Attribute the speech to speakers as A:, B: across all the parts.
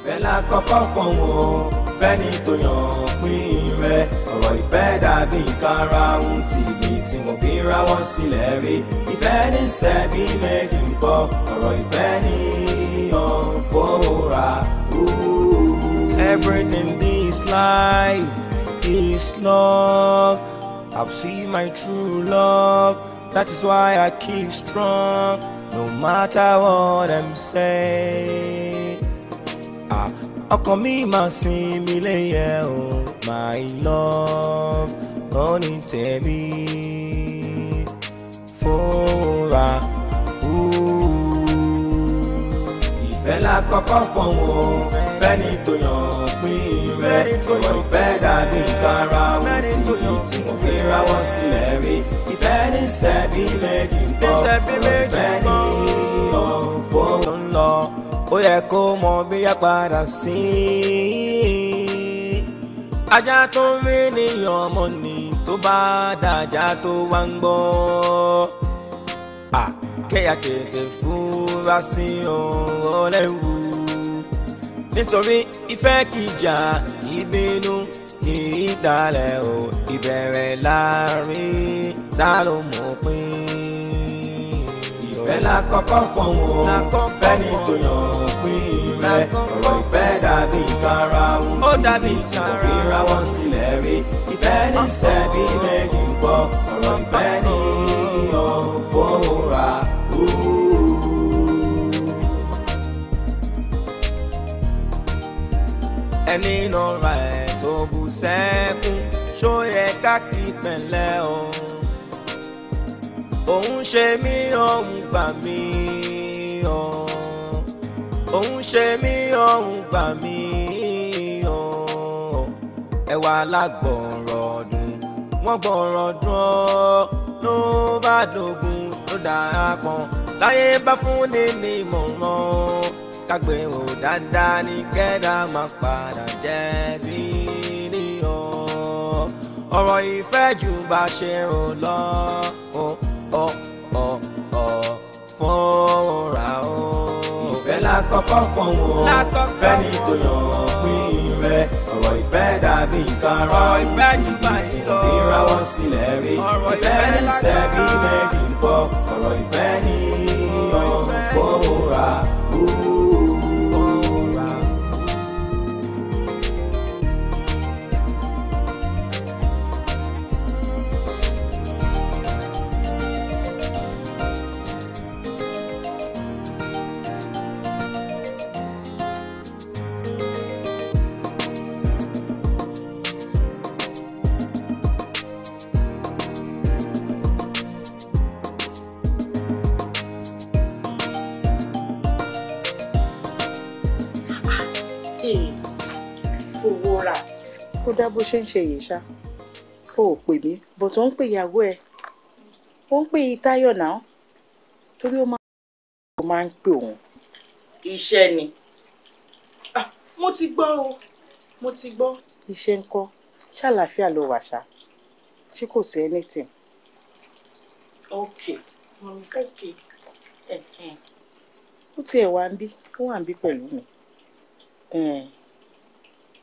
A: ìfẹ́ lákọ́kọ́ fọ̀hún o fẹ́ni tó yàn pín rẹ ọ̀rọ̀ ìfẹ́ dàbí ìkarahun tìbí tí mo fi rawọ́ sílẹ̀ rí ìfẹ́ ní sẹ́bí méjì ń bọ̀ ọ̀rọ̀ ìfẹ́ ní yàn fóra. Everything this life is love. I've seen my true love. That is why I keep strong, no matter what I'm saying ọkàn mi máa sinmi lẹ́yẹ o my love lọ́ni tẹ̀mí fúnra o. ìfẹ́ lákọ́kọ́ fọ̀n o fẹ́ni tó yàn pín ìfẹ́ ọ̀rọ̀ ìfẹ́ dàbí ìkara ohun tí tí mo fi ra wọ́n sílẹ̀ rí ìfẹ́ ní sẹ́bí méjì gbọ́ ìfẹ́ ní ó yẹ kó mọ bí a padà sí i. ajá tó ń rí níyàn ọmọ nì tó bá dàjà tó wá ń gbọ́. àkẹ́yà tètè fúnra sí ọ̀rọ̀ lẹ́wù. nítorí ìfẹ́ kìjà ìbínú kì í o ìbẹ̀rẹ̀ láàrin ta ló mọ̀ pín. ìfẹ́ la kọ́kọ́ fọ̀hún fẹ́ni tó yàn ìpín rẹ̀ ọ̀rọ̀ ìfẹ́ dàbí ìkarahun tí ìtàn ìríra wọn sílẹ̀ rí ìfẹ́ ní sẹ́bí méjì ń bọ̀ ọ̀rọ̀ ìfẹ́ ní ìyàn fòórà. ẹni nọra ẹ̀ tó bú sẹ́kún ṣó yẹ ká kí pẹ̀lẹ́ o òun ṣe mí òun gbà mí o òun ṣe mí ọ̀hún gbà mí ẹ wà lágbọ̀ọ̀rọ̀ ọdún wọ́n gbọ̀ọ̀rọ̀ ọdún ọ́ ló bá dógún ló dáa pọ̀n láyé bá fún ni ní ìmọ̀ràn kágbé ò dáadáa ní kẹ́dá máa padà jẹ̀bi nìyàn ọ̀rọ̀ ìfẹ́ jù bá ṣe rò lọ fúnra ó lákọ̀ọ́kọ́ fọ̀wọ́n fẹ́ni tó yàn pín rẹ̀ ọ̀rọ̀ ìfẹ́ dàbí nǹkan rán títí tí kò fi rawọ́ sílẹ̀ rí ìfẹ́ ní sẹ́bí mẹ́rin bọ́ ọ̀rọ̀ ìfẹ́ ní.
B: kódà bó ṣe ń ṣe yìí ṣá ó pè mí bọ̀t ó ń pè ìyàwó ẹ̀ ó ń pè Táyọ̀ náà torí ó máa ń pè òun. iṣẹ́ ni ah, mo ti gbọ́ o mo ti gbọ́. iṣẹ́ ń kọ́ ṣàlàáfíà ló wà ṣá ṣé kò sí anything. ok ok ó tiẹ̀ wá ń bí ó wà ń bí pẹ̀lú mi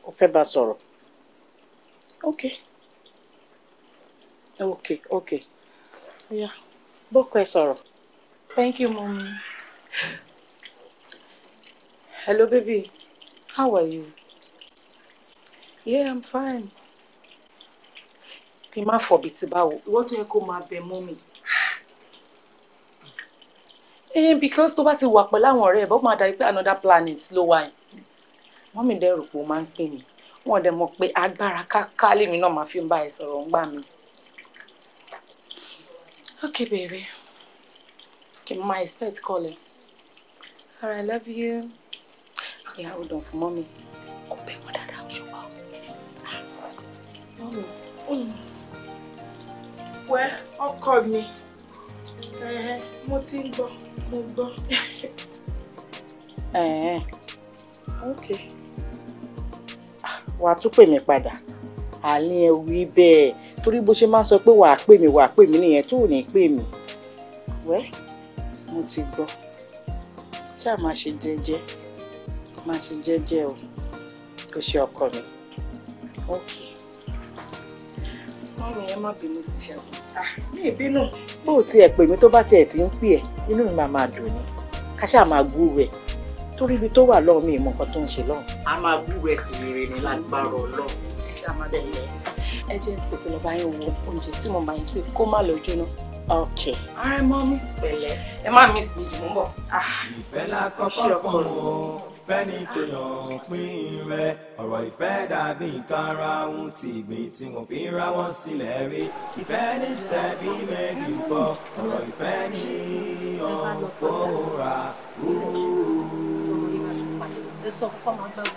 B: ó fẹ́ bá sọ̀rọ̀ okay okay okay yeah bọ́kọ soro. thank you mommy. hello baby how are you yeah i'm fine Pima n má What do you ìwọ́n tó yẹ kó eh, because to bá ti wà pẹ̀lú àwọn ọ̀rẹ́ ẹ̀ bọ́ máa another planet ló wà yìí mọ́mí dẹ́rù pé ó máa wọn dẹ̀ mọ̀ pé agbára káká lèmi náà máa fi ń bá ẹ sọ̀rọ̀ ń gbà mí. okay baby kì í máa expect call ẹ all right love you ìyàwó dùn fún mọ́mi
C: kò bẹ̀ wọ́n dáadáa ṣùgbọ́n
B: mọ́mi. wẹ́ ọkọ mi mo ti ń gbọ́ mo gbọ́. okay wàá tún pè mí padà àní ẹ wí bẹ́ẹ̀ torí bó ṣe máa sọ pé wàá pè mí wàá pè mí nìyẹn tó ò ní pè mí wẹ́ mo ti gbọ́ ṣáà máa ṣe jẹ́jẹ́ máa ṣe jẹ́jẹ́ o kò ṣe ọkọ mi ok ọrùn yẹn má bínú sí ṣẹ́gun ní ah, ìbínú bó o tiẹ̀ pè mí tó bá tiẹ̀ ti ń pè ẹ́ inú mi máa máa dùn ní ká ṣáà máa gúrú torí ibi tó wà lọ́ọ̀ mi ìmọ̀ nǹkan tó ń ṣe lọ́ọ̀. a máa búwẹ̀ sí rere ní lágbára ọlọ́ọ̀ ẹ jẹ́ tètè lọ́ba yín wo oúnjẹ tí mo máa ń ṣe kó má lọ jóná. ok.
C: ẹ
A: má mi sì jù mọ. ìfẹ́ la fún o fẹ́ni tó yàn pín rẹ ọ̀rọ̀ ìfẹ́ dàbí nǹkan ara ohun ti ìgbín tí wọ́n fi ń ráwọ́n sílẹ̀ rí ìfẹ́ ní sẹ́bí méjì pọ̀ ọ̀rọ̀ ìfẹ́ ní ọ̀pọ̀ ra
C: lè sọ fún kọ́mọ gbàgbọ́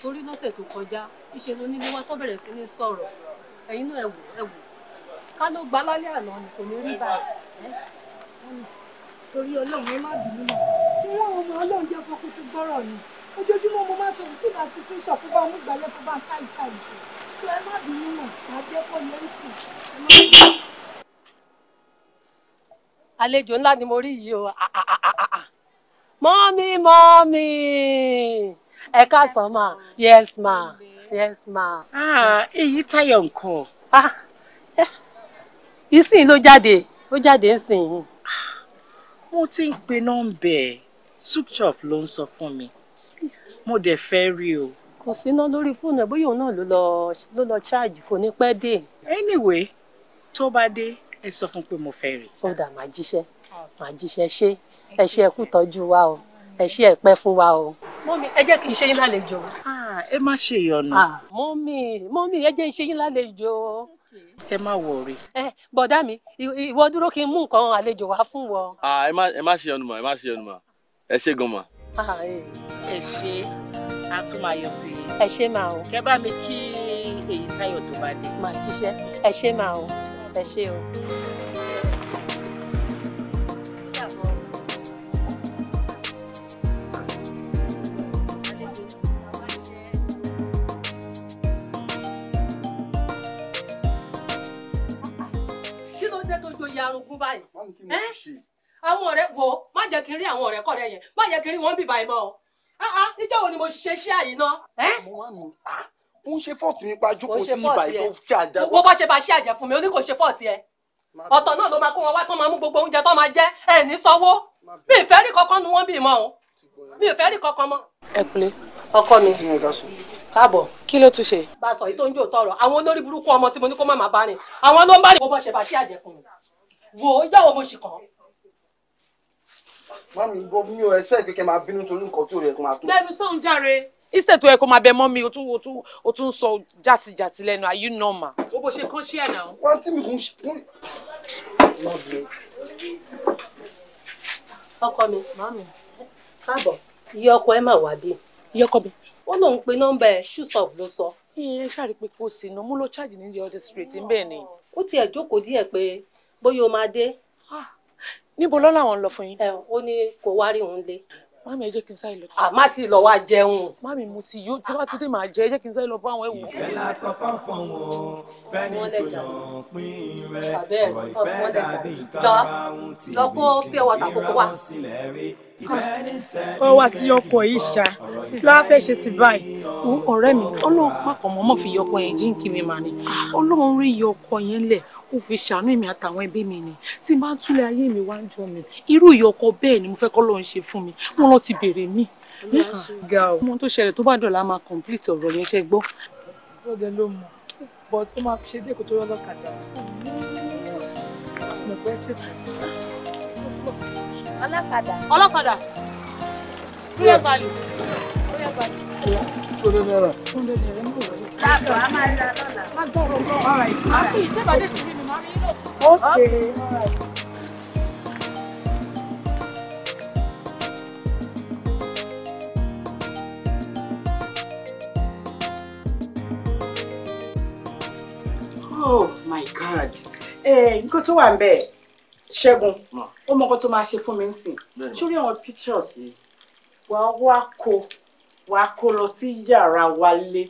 C: torí lọ́sẹ̀ tó kọjá ìṣe ló nílé wá tó bẹ̀rẹ̀ sí ní sọ̀rọ̀ ẹ̀yin náà ẹ wò ẹ wò ká ló gba lálẹ́ àná ni kò ní rí báyìí
B: torí ọlọ́run ẹ má bínú mọ́ ṣé láwọn ọmọ ọlọ́run jẹ́ ọkọ̀ tó gbọ́rọ̀ ni ojoojúmọ́ mo máa sọ tí màá fi sí bá mú ìgbàlẹ́ tó bá ń ká ẹ má bínú mọ́
C: àlejò ńlá ni mo rí yìí o ah, ah, ah, Mommy, mommy. ẹ káàsán ma yes ma yes ma. Ah, èyí táyọ̀ nǹkan. Ah, eh. ìsìn ló jáde ló jáde ń sìn yìí.
B: mo ti ń pe nọ́mbẹ̀ soup shop ló
C: ń sọ fún mi mo dẹ̀ fẹ́ rí o. kò síná lórí fóònù ẹ bóyá òun náà ló lọ ló lọ ṣáàjì kò ní pẹ́ dé. anyway tó bá dé ẹ sọ fún pé mo fẹ́ rí. ó máa jíṣẹ́ àjíṣe ṣe ẹ ṣe ẹkú tọ́jú wa o ẹ ṣe ẹpẹ́ fún wa o. mọ́mí ẹ jẹ́ kí n ṣe yín lálejò. Ah, ẹ má ṣe ìyọnu. Ah, mọ́mí mọ́mí ẹ jẹ́ kí n ṣe yín lálejò. ẹ má wọrí. ẹ bọ̀dá mi ìwọ dúró kí n mú nǹkan àlejò wá fún wọn.
D: Ah, ẹ má ṣe ìyọnu mà ẹ má ṣe ìyọnu mà ẹ ṣe gan mà.
C: ẹ ṣe a tún máa yọ sí i. ẹ ṣe máa o. kẹ bá mi kí èyí táyọ̀ tó bá dé. màá jíṣẹ́ ẹ ṣe máa o ẹ ṣe o. àwọn ọ̀rẹ́ wò ó má jẹ́ kí n rí àwọn ọ̀rẹ́ kọ̀rẹ́ yẹn má jẹ́ kí n rí wọn bìbá ẹ̀ mọ́ o ah, ah, níjọ́ wo ni mo ṣe ṣé àyè náà. mo máa mọ ah,
D: ó ń ṣe fọ́ọ̀tì nípa jókòó sí ibà tó ṣe àjà. wo
C: bá ṣe bá ṣe àjẹ fún mi ó ní kò ṣe fọ́ọ̀tì ẹ ọ̀tọ̀ náà ló máa kó wọn wá tó máa mú gbogbo oúnjẹ tó máa jẹ ẹ ní sanwó mi ìfẹ́ rí kankan nu wọ́n bì mọ́ o mi ìfẹ́ rí kankan mọ́. ẹ kúlé ọkọ mi káàbọ̀ kí ló tún ṣe. bá a sọ yìí tó ń jò tọrọ àwọn olórí burúkú ọmọ tí mo ní kó má má bá rìn àwọn ló ń bá rìn. wo bá ṣe bá ṣe àjẹ fún mi wo ìyàwó mo ṣì kàn
D: mami bo mi ò expect pé kẹ́ máa bínú torí nǹkan tí ò yẹ kó máa tó.
B: lẹ́nu sóun jàre instead tó yẹ kó máa bẹ mọ́ mi o tún o tún o tún sọ jati, lẹ́nu are you normal. o bó ṣe kán ṣí ẹ̀ náà. wọ́n tí mi kún ṣe.
C: ọkọ mi màmí káàbọ̀ iye ọkọ ẹ mà wá bí. iye ọkọ mi. ó lóun pe nọ́mbà ẹ ṣùsọf ló sọ. ẹ ṣàrí pé kò sí iná mo lọ ṣáàjì ní the other street ń bẹ́ẹ̀ ni. ó tiẹ̀ jókòó díẹ̀ pé bóyá o máa dé ah, níbo lọ́la àwọn lọ fún yín. ẹ ó ní kò wá rí òun lé. mami ẹ jẹ́ kí n sáré lọ. àmá ti lọ wá jẹun. mami mo ti yó tí wàá ti dé màá jẹ ẹ jẹ́ kí n sáré lọ bá àwọn ẹ̀wù. ìfẹ́ la
A: kọ́kọ́ fọ̀n wọ́n fẹ́ni tó yàn pín rẹ̀ ọ̀rọ̀ ìfẹ́ dàbí nǹkan ohun tí ibi ìra wọn sílẹ̀ rí ọ wá
B: tí fẹ́ ṣe sí báyìí. ọ̀rẹ́ mi ọlọ́run pàpọ̀ mọ́mọ́ fi yọkọ yẹn jíǹkì mi mà ní ọlọ́run rí yọkọ yẹn lẹ̀ kó fi ṣàánú èmi àtàwọn ẹbí mi ni tí n bá ń túlẹ̀ ayé mi wá ń jọ mi
C: irú ìyọkọ bẹ́ẹ̀ ni mo fẹ́ kọ́ ló ṣe fún mi wọn lọ ti béèrè mi. ọmọ tó ṣẹlẹ̀ tó bá dọ̀la máa complete ọ̀rọ̀ yẹn ṣe gbọ́.
B: ọ̀dẹ ló mọ̀ but ó máa fi ṣe dé kó tó lọ́lọ́kadà.
C: ọlọ́kadà. ọlọ́kadà.
B: Bóyá balẹ̀. Bóyá balẹ̀. Tó lé a máa ra lọ́la. Má gbọ́ ọ̀rọ̀ náà. ìjọba dé ti rí. Okay, all right. Oh my God. Eh, nǹkan tó wà ń bẹ̀ ṣẹ́gun ó mọ nǹkan tó máa ṣe fún mi nsìn sórí àwọn pictures yìí wà á wá kó wà kó lọ sí yàrá wa lé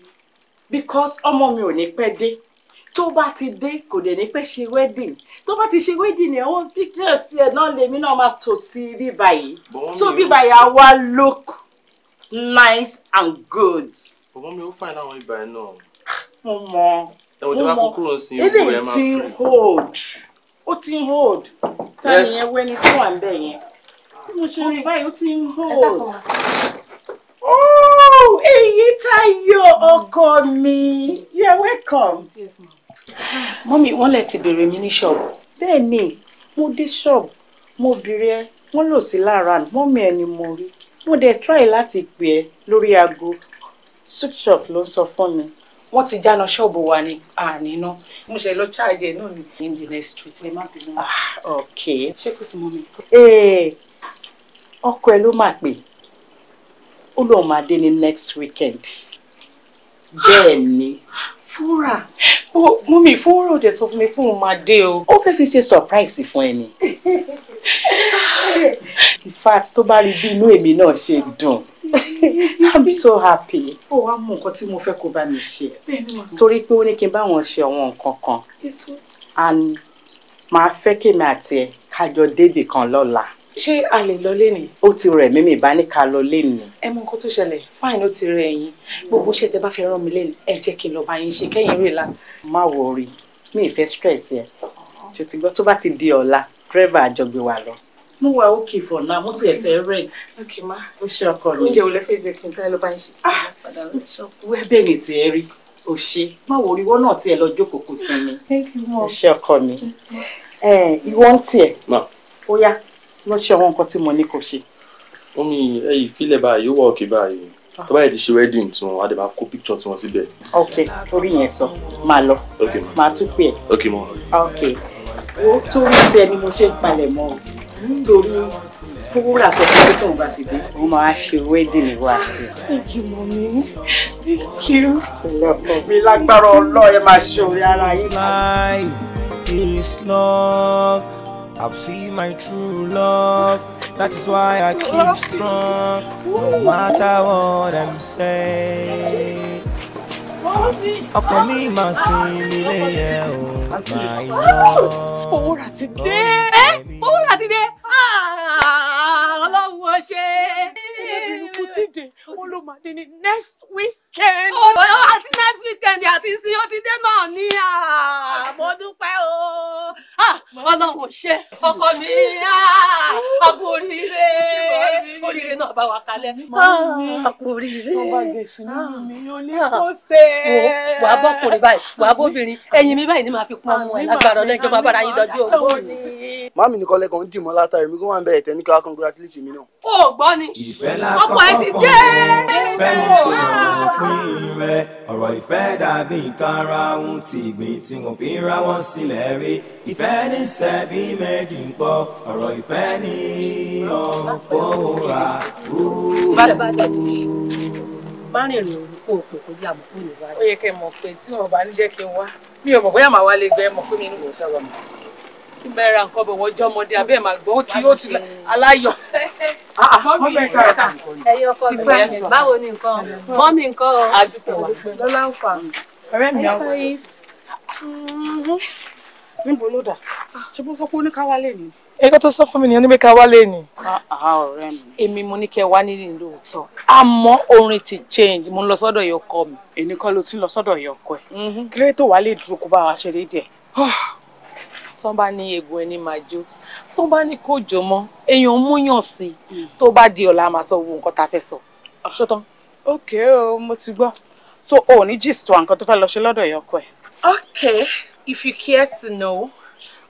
B: because ọmọ mi ò ní pẹ́ dé tó bá ti dé kò dẹ̀ ní pẹ́ ṣe wedding tó bá ti ṣe wedding ẹ̀ wọ́n pictures ẹ̀ náà lèmi náà máa tò sí bíbá yìí so bíbá yìí á look nice and good.
D: bọ̀bọ́n mi ò fàìn àwọn ibà ẹ̀ náà.
B: mo mọ mo mọ eléyìí ti hold ó ti hold táyà yẹn wé ní fún àbẹ̀ yẹn mo ṣe rí báyìí ó ti ń hó oh. èyí Táyọ̀ ọkọ mi you are welcome. Yes, ma'am mọ́mí wọ́n lẹ̀ ti bèrè mi ní ṣọ́ọ̀bù. bẹ́ẹ̀ ni mo dé ṣọ́ọ̀bù mo bèrè ẹ wọ́n lò sí lára mọ́mí ẹ ni mo rí mo dẹ̀ try láti pè ẹ lórí aago switch off ló ń sọ fún mi. wọ́n ti dáná ṣọ́ọ̀bù wa ní àníná mo ṣe lọ charge ẹ náà ní in the next street. ẹ má bínú. Ah, ok ṣé kò sí mọ́mí. Eh, ọkọ ẹ ló máa pè ó lóun máa dé ní next weekend bẹ́ẹ̀ ni fúnra mọ́mí fúnra ò dẹ̀ sọ fún mi fún un máa dé o ó fẹ́ fi ṣe surprise fún ẹ ni in fact tó bá rí bí inú èmi náà ṣe dùn i'm so happy. ó wá mú nǹkan tí mo fẹ́ kó bá mi ṣe torí pé ó ní kí n bá wọn ṣe àwọn nǹkan kan and màá fẹ́ kémi àti ẹ̀ kájọ débì kan lọ́la ṣé a lè lọ lé ni. ó ti rẹ̀ mímì bá ní ká lọ lé ni. ẹ mọ nǹkan tó ṣẹlẹ̀ fáìn ó ti rẹ̀ yín gbogbo iṣẹ́ tẹ bá fẹ́ rán mi lé ni ẹ jẹ́ kí n lọ bá yín ṣe kẹ́yìn relax. má wọrí mi ì fẹ́ stress yẹn ṣe ti gbọ́ tó bá ti di ọ̀la dírẹ́bà àjọgbé wa lọ. mo wà okay for now mo ti ẹ̀ fẹ́ rest. ok ma ó ṣe ọkọ mi. oúnjẹ wo lẹ fẹ́ jẹ kí n sáré lọ bá yín ṣe. ah wẹ́ẹ́bẹ̀ ni tiẹ̀ rí ò ṣe má wo oríwọ́ náà tiẹ̀ lọ jókòó kò sinmi. ẹ ṣe ọkọ mi ìwọ ń tiẹ̀ ó yá lọ ṣe àwọn nǹkan tí mo ní kò ṣe. omi ẹyìn fílẹ̀ báyìí ó wọ òkè báyìí ah. tó báyìí ti ṣe wedding tí wọn adé máa kó picture tí wọn síbẹ̀. ok orí yẹn sọ máa lọ máa tún pè é. ok mo. Ah, ok wo torí bẹ́ẹ̀ ni mo ṣe ń palẹ̀ mọ́ o torí wúrà sọ pé tó ń bá ti dé òun máa ṣe wedding wa sí. thank you mọ̀mí thank you. ọlọ́pàá mi lágbára
A: ọlọ́ ẹ máa ṣe orí ara yìí. I've seen my true love. That is why I keep strong, no matter what them say. Ọkàn mi máa sin nílé yẹn o, my love. Owó rà ti dé.
C: Owó rà ti dé. Ah, Ọlọ́run ó olùkùtìdè olùmọdé ni next weekend. ọ̀rọ̀ àti next weekend àti ìsìn ó ti dé náà ní mo dúpẹ́ o ọlọ́run ò ṣe ọkọ mi àbò oríire oríire náà bá wa kalẹ̀ àbò oríire. ọba gèsì nínú mi ò ní kó ṣe. wà á bọ́kùnrin báyìí wà á bóbìnrin ẹ̀yìn mi báyìí ni màá fi pọ́n ọmọ ẹ̀ lágbára ọlọ́jọ́ bàbá ara yín dọ́jú ògbó mi.
D: màmí nìkan lẹ́kọ̀ọ́ ń dì mọ́ látàrí mi kó wà ń bẹ̀rẹ̀ tẹ́ mi náà.
C: ó gbọ́ ọkọ̀ ẹ ti jẹ́ fẹ́mi òpin
A: rẹ ọ̀rọ̀ ìfẹ́ dàbí nǹkan ara ohun ti ìgbìn tí wọ́n fi ra wọ́n sílẹ̀ rí ìfẹ́ ní sẹ́bí méjì ń pọ̀ ọ̀rọ̀ ìfẹ́ ní ọ̀fọ̀wọ́ra. bá
C: a bá ti ṣù má rìn rìn orúkọ òkú kó jà mọ́ kó lè wá. ó yẹ kẹ́ mọ̀ pé tí
B: wọ́n bá ń jẹ́ kí n wá
C: mi ò mọ̀ bóyá màá wá lè mọ̀ pé mi ń
B: wò sábà mọ́ kí mẹ́ra nǹkan bọ̀ wọ́n
C: jọ́ ọmọdé ẹyọ ọkọ mi báwo ni nǹkan mọ́ mi nǹkan ọ àdúpẹ́ wa lọ́lá ń fà ọ̀rẹ́ mi àwọn
B: níbo ló dà ṣe bó sọ pé ó ní ká wálé ni. ẹgbẹ́ tó sọ fún mi nìyẹn níbi ká wálé ni. èmi mo ní kẹ́ wá nílé lóòótọ́ àmọ́ orin ti change mo ń lọ sọ́dọ̀ ìyọkọ mi. èmi kọ́ ló ti lọ sọ́dọ̀ ìyọkọ ẹ̀. kí ló tó wàá dúró kó bá wa ṣeré díẹ̀. Ah tó bá ní egun ẹni máa jó tó bá ní kó jò mọ́ èèyàn múyàn sí i hmm. tó bá di ọ̀la máa sọ gbogbo nǹkan tá a fẹ́ sọ. ṣótán. ok o mo ti gbọ́ so o ní gist wa nǹkan tó fẹ́ lọ ṣe lọ́dọ̀ ìyá ọkọ ẹ̀. ok if you care to know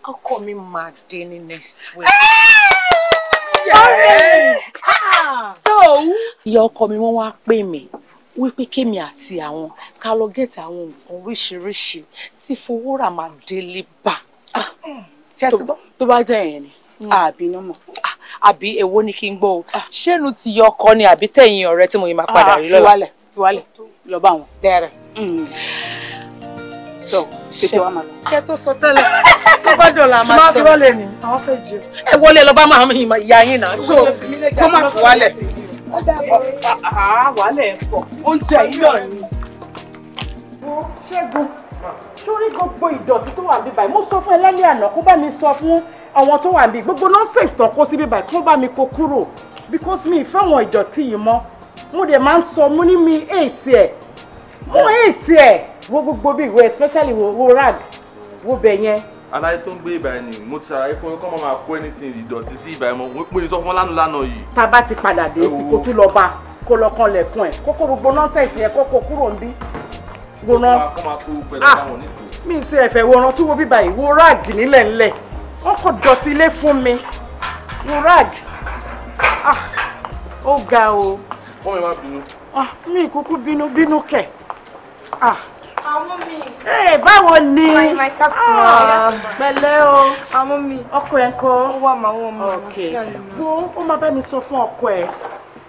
B: ọkọ mi máa dé ní next week. Yes. Ah! so ìyá ọkọ mi wọ́n wá pè mí wípé kémi àti àwọn ká lọ gẹ̀ẹ́tì àwọn nǹkan oríṣiríṣi tí Fowórà máa délé bá ṣe ti gbọ́. tó bá jẹ́ yẹn ni àbí mm. náà mọ̀ ah, àbí èwo ni kí n gbọ́ o ah. ṣénu ti yọ ọkọ ni àbí tẹ̀yìn ọ̀rẹ́ tí mo yìí máa padà ah, rí lọ́la fiwálẹ̀ fiwálẹ̀ lọ bá wọn. dẹ́rẹ̀ mm. sọ tètè wá máa lọ. kẹ́ tó sọ tẹ́lẹ̀ tó bá dọ̀la máa sọ. máa fi ni àwọn fẹ́ jẹ. ẹ wọlé lọ bá máa mi ìyá yín náà. so kó má fi wálẹ̀. wàhálẹ̀ ẹ̀ pọ̀ oúnjẹ yìí náà ni. ṣẹ́gun sórí gbogbo ìdọ̀tí tó wà bíbáyìí mo sọ fún ẹ lálẹ́ àná kó bá mi sọ fún àwọn tó wà bí gbogbo nọ́ọ̀sẹ̀sì tán kó sí bíbáyìí kó bá mi kó kúrò because mi ìfẹ́ àwọn ìdọ̀tí yìí mọ́ mo dẹ̀ máa ń sọ mo ní mi èètì ẹ̀ mo èètì ẹ̀ wo gbogbo bí ìwé especially wo wo rag wo bẹ̀ yẹn.
D: aláyé tó ń gbé ìbàyẹn ni mo ti ṣàlàyé fún ọkọ máa kó anything ìdọ̀tí sí ìbàyẹn mọ́ mo sọ fún lánàá yìí.
B: tá a bá ti padà dé sí kó tún lọ bá kó lọ kan ẹ̀ kókó gbogbo nọ́ọ̀sẹ̀sì yẹn kókó kúrò ń bí Ah, mi ti ẹ̀fẹ̀ wòran tí wo bíbá yìí wo rag nílẹ̀ ńlẹ̀ wọ́n kò dọ̀tí ilé fún mi wo rag ah, ó ga o.
E: wọ́n ah, mi máa
B: bínú. mi binu? bínú bínú kẹ̀. Ah. àwọn mi. ee eh, báwo ni. pẹ̀lẹ́ o. àwọn mi. ọkọ ẹ kọ. ó wà máa wọ̀ mọ́. ok wo ó máa bá mi sọ fún ọkọ ẹ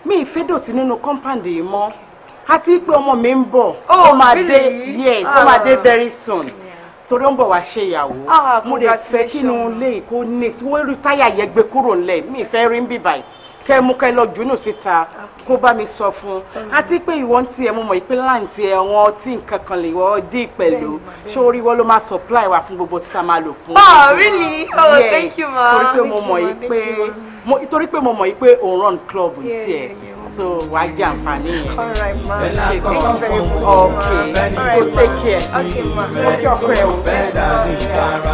B: mi ìfẹ́ dọ̀tí nínú kọ́ńpáǹdì yìí mọ́. Okay àti pé ọmọ mi ń bọ̀ oh, ó máa dé yes ó máa dé ah. very soon torí ó ń bọ̀ wá ṣe ìyàwó ah, mo lè fẹ́ kí ilé kó ní tí wọ́n rí táyà yẹn gbé kúrò ńlẹ̀ mi fẹ́ rí ń bì báyìí kẹ́ mú kẹ́ lọ jùnú síta kó bá mi sọ fún un àti pé ìwọ ń tiẹ̀ mo mọ̀ ìpín láǹtì ẹ̀ wọn tí nǹkan kan lè wọ́ dé pẹ̀lú ṣé wọn ló máa supply wa fún gbogbo títa máa lò fún. oh really oh thank you ma torí pé mo mọ̀ yìí pé mo mọ̀ yìí pé òun run club tiẹ̀ so wàá jẹ àǹfààní yẹn.
A: all right ma na ṣe tí wọn fẹ́ mú ọ ok
B: take care ok
A: ma ọjọ́ ọkọ ẹ o. ṣé kò kọ́ máa wù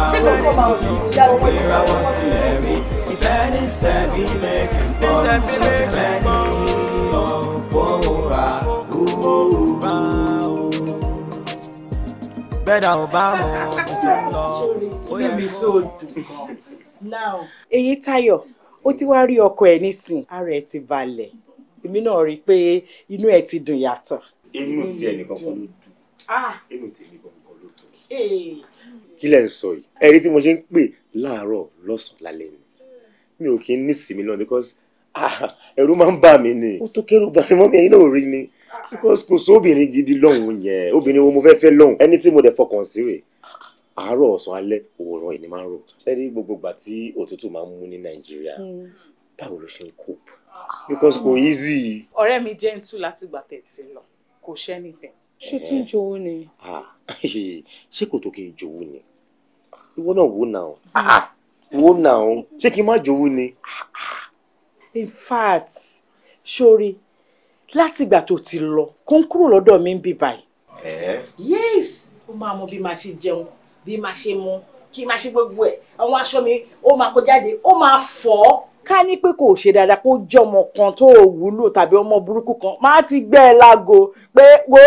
A: ú yá lọ́wọ́ yìí. ìfẹ́ ní sẹ́bí mẹ́kì mọ́ ìfẹ́ ní ìyọ̀fọ́ra òwúrà o. bẹ́ẹ̀dà ò bá mọ ohun tó yẹ mi so dùn now
B: èyí Táyọ̀ ó ti wá rí ọkọ ẹ̀ nísìn ara ẹ̀ ti balẹ̀ èmi náà rí
F: i pé inú ẹ ti dùn yàtọ̀. inú tí ẹnìkan ah! kan ló dùn inú tèmi gbọ̀ngàn ló tó. kí lẹ̀ ń sọ yìí ẹ̀rí tí mo ṣe ń pè láàárọ̀ lọ́sàn-án lálẹ́ mi mi ò kí ń nísìmí náà because ah, ẹ̀rù máa ń bà mí ni ó tó kẹ́rù bà mọ́mí ẹ̀yin náà rí ni because kò sóbìnrin gidi lọ́hùn yẹn obìnrin wo mo fẹ́ fẹ́ lọ́hùn ẹni tí mo dẹ̀ fọkàn sí rẹ̀ àárọ̀ ọ̀sán alẹ́ òwòrán ìní máa ń rò ṣẹ́ni gbogbo ìgbà tí òtútù máa ń mú ní nàìjíríà hmm. báwo ló ṣe ń cope because kò easy.
B: ọ̀rẹ́ mi jẹ́ ntú láti gbà tẹ̀tẹ̀ lọ kò ṣẹ́ni tẹ̀. ṣé tí ń jowó
C: ni.
F: Ah, ṣé kò tó kí n jowó ni ìwọ náà wò náà ah, wò náà ṣé kí n má jowó ni.
B: in fact sori látìgbà tó ti lọ kó ń kúrò lọ́dọ̀ mi ń bì báyìí. Eh? yes ó máa mọ bí máa ṣe jẹun bí máa ṣe mu kí máa ṣe gbogbo ẹ̀ àwọn aṣọ mi ó máa kó jáde ó máa fọ̀ ọ́ ká ní pé kò ṣe dáadáa kó jẹ ọmọ kan tó wúlò tàbí ọmọ burúkú kan má ti gbẹ ẹ lágo pé wo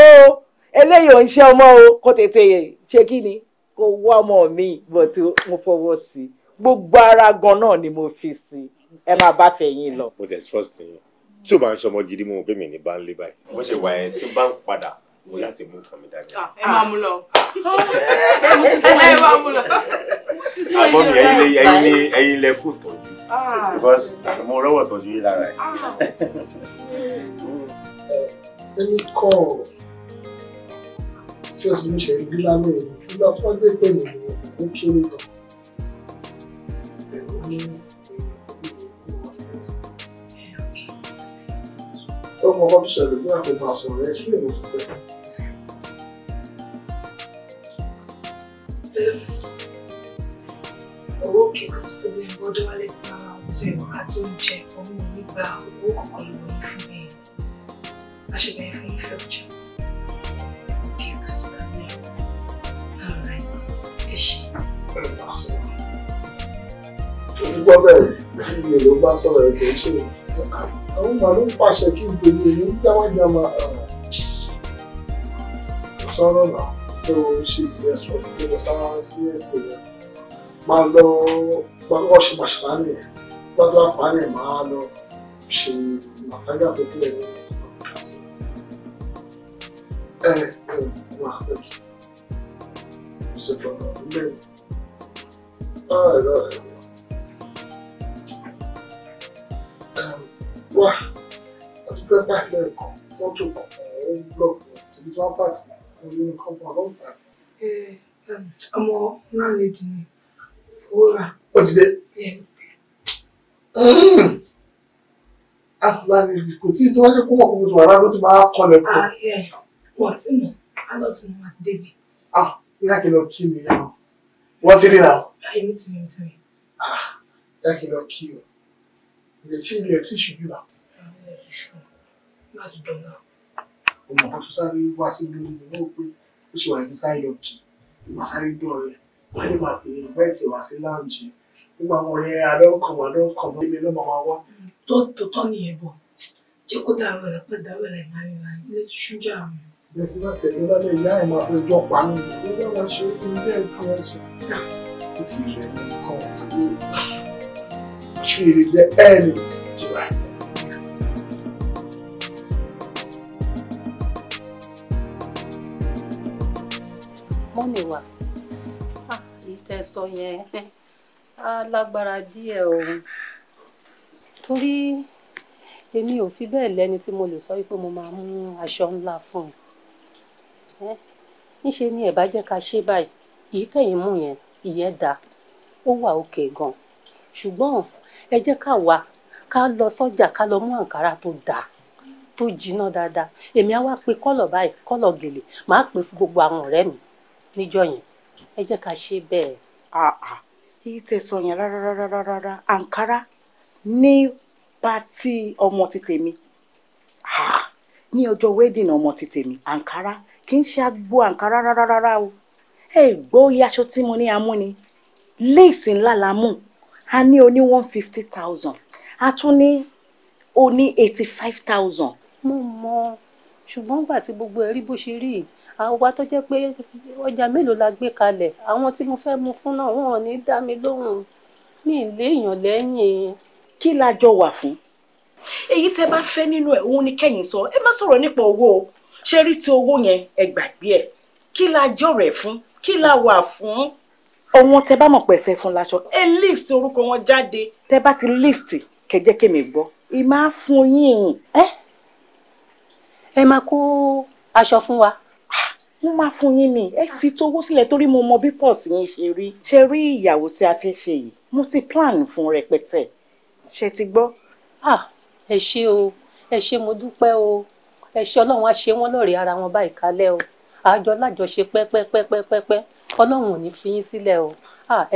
B: eléyìí ò ń ṣe ọmọ o kó tètè ṣe kí ni kó wá ọmọ mi bọ̀ tí mo fọwọ́ sí gbogbo ara gan
F: náà ni mo fi sí ẹ máa bá fẹ̀yìn lọ. mo tẹ trust yín tí o bá ń ṣọmọ gidi mo bẹ́ẹ̀ mi ní bá ń lé báyìí mo ṣe wà ẹ tí n bá ń padà mo láti mú nǹkan mi dání. Ah, ah. ẹ máa mú lọ
A: ẹ máa mú lọ. àmọ́ mi ẹ̀yin lẹ
F: ẹ̀yin lẹ tọ́jú.
A: Ah. because
F: mo rọ́wọ́ tọ́jú yìí lára ẹ̀. ẹni kọ́ ọ tí oṣù mi ṣe ń gbé
B: lálẹ́ yìí tí bá fọ́ dé pé mi ní owó kìkọ́ sí tó lè bọ́dọ̀ wá lẹ́tí máa ra ọ̀tún ẹ̀rọ àti oúnjẹ òun ò ní gba owó kọ̀ọ̀kan lọ́wọ́ yìí fún mi bá ṣe bẹ̀rẹ̀ fún ìfẹ́ ọjà kìkọ́ sí máa ní ọ̀rẹ́ ẹ ṣe. ẹ bá sọ̀rọ̀ tó ń gbọ́ bẹ́ẹ̀ tí èrò bá sọ̀rọ̀ ẹ̀ kò ṣe àwọn màálù ń pàṣẹ kí n tèmi èmi ń jáwájáma sọ̀rọ̀ náà tó ṣe ìdílé sọ̀rọ̀ tó lọ sára sí ẹ̀sìn rẹ̀ máa lọ bá wọ́n ṣe máa ṣàlàyé si bá tó bá parí ẹ̀ máa lọ ṣe màtágà tó kí ẹ̀ ní
A: ẹ̀ ẹ̀ wọ́n á bẹ̀ tí kò sí pọ̀nà lẹ́yìn. All right, all right. Um,
B: wá àti pé báyìí lẹ́ẹ̀kan wọ́n ora ó ti dé. àtúnláàrin mm. ah, kò tí tó wá ṣe kó mọ̀ kó mo ti wà rárá ló ti máa kọlẹ̀ kù. Ah, wọ́n ti mọ̀ á lọ sí mo àti débi. ah bí a kì í lọ kí mi yàrá wọ́n ti rí ra. báyìí mi ti rí mi ti rí. ah bí a kì í lọ kí o ìyẹn tí ilé ti ṣubú rà. láti dọ̀la. ọmọ kan tó sáré wá sí lórí mi náà pé ó ṣe wà ní sáyọ̀ kì í wà sáré wọ́n lè máa fi bẹ́ẹ̀tì wá sí láǹjì nígbà wọn rẹ adọ́kàn adọ́kàn mọ́ níbi lọ́mọ wa wá. tó tó tọ́ nìyẹn bọ̀ jẹ́ kó dàrú ẹ̀ lápẹ́ dàrú ẹ̀ láì máa rí ra ilé tó ṣújà àwọn. bẹ́ẹ̀ bá tẹ̀lé lọ́dọ̀ ìyá ẹ̀ máa fi jọ pa mí nígbà wọn ṣe ilé ẹ̀kọ́ ẹ̀sùn.
D: ó ti rẹ̀ nìkan ṣe èrè jẹ́
C: sọ yẹn á lágbára díẹ̀ o torí èmi ò fi bẹ́ẹ̀ lẹ́ni tí mo lè sọ wípé mo máa mú aṣọ ńlá fún un níṣe ni ẹ̀ bá jẹ́ ká ṣe báyìí èyí tẹ̀yìn mú yẹn ìyẹn da ó wà òkè gan ṣùgbọ́n ẹ jẹ́ ká wà ká lọ sọ́jà ká lọ mú àǹkárá tó dáa tó jiná dáadáa èmi á wá pe kọ́lọ̀ báyìí kọ́lọ̀ gèlè màá pè fún gbogbo àwọn ọ̀rẹ́ mi níjọ́ yẹn ẹ jẹ́ ká ṣe bẹ́ẹ̀. Ah, ah. èyí tẹ́ sọ yẹn rárá rárá rárá
B: àǹkárá nípa ti ọmọ ti tèmi ah, ní ọjọ́ wedding ọmọ ti tèmi àǹkárá kì í ṣe agbo àǹkárá rárá rárá o ẹ gbọ́ iye aṣọ tí mo ní amú ni léèsì ńlá la mú a ní
C: oní one fifty thousand a tún ní oní eighty five thousand. mo mọ ṣùgbọ́n gbà tí gbogbo ẹ rí bó ṣe rí yìí àwa tó jẹ́ pé ọjà mélòó la gbé kalẹ̀ àwọn tí mo fẹ́ mu fún náà wọn ò ní dá mi lóhùn mi léèyàn
B: lẹ́yìn. kí la jọ wà fún. èyí tẹ́ bá fẹ́ nínú ẹ̀ òun ni kẹ́yìn sọ ẹ má sọ̀rọ̀ nípa owó o ṣé rí ti owó yẹn ẹ gbàgbé ẹ kí la jọ rẹ̀ fún kí la wà fún. ohun tẹ́ bá mọ̀ pé fẹ́ fún láṣọ. ẹ list orúkọ wọn jáde. tẹ́ bá ti list kẹjẹ kẹmí gbọ́ ì máa fún yín. ẹ máa kó aṣọ fún wa wọ́n máa fún yín ni ẹ fi tówó sílẹ̀ torí mo mọ bí pọ́ọ̀sì yín ṣe rí ṣe rí ìyàwó tí a fẹ́ ṣe yìí mo ti plan fún rẹpẹtẹ
C: ṣe ti gbọ́. ẹ ṣé o ẹ ṣé mo dúpẹ́ o ẹ ṣé ọlọ́run á ṣe wọ́n lọ́rẹ̀ẹ́ ara wọn báyìí kálẹ̀ o àjọ lájọṣe pẹ́pẹ́pẹ́pẹ́pẹ́ ọlọ́run ò ní fi yín sílẹ̀ o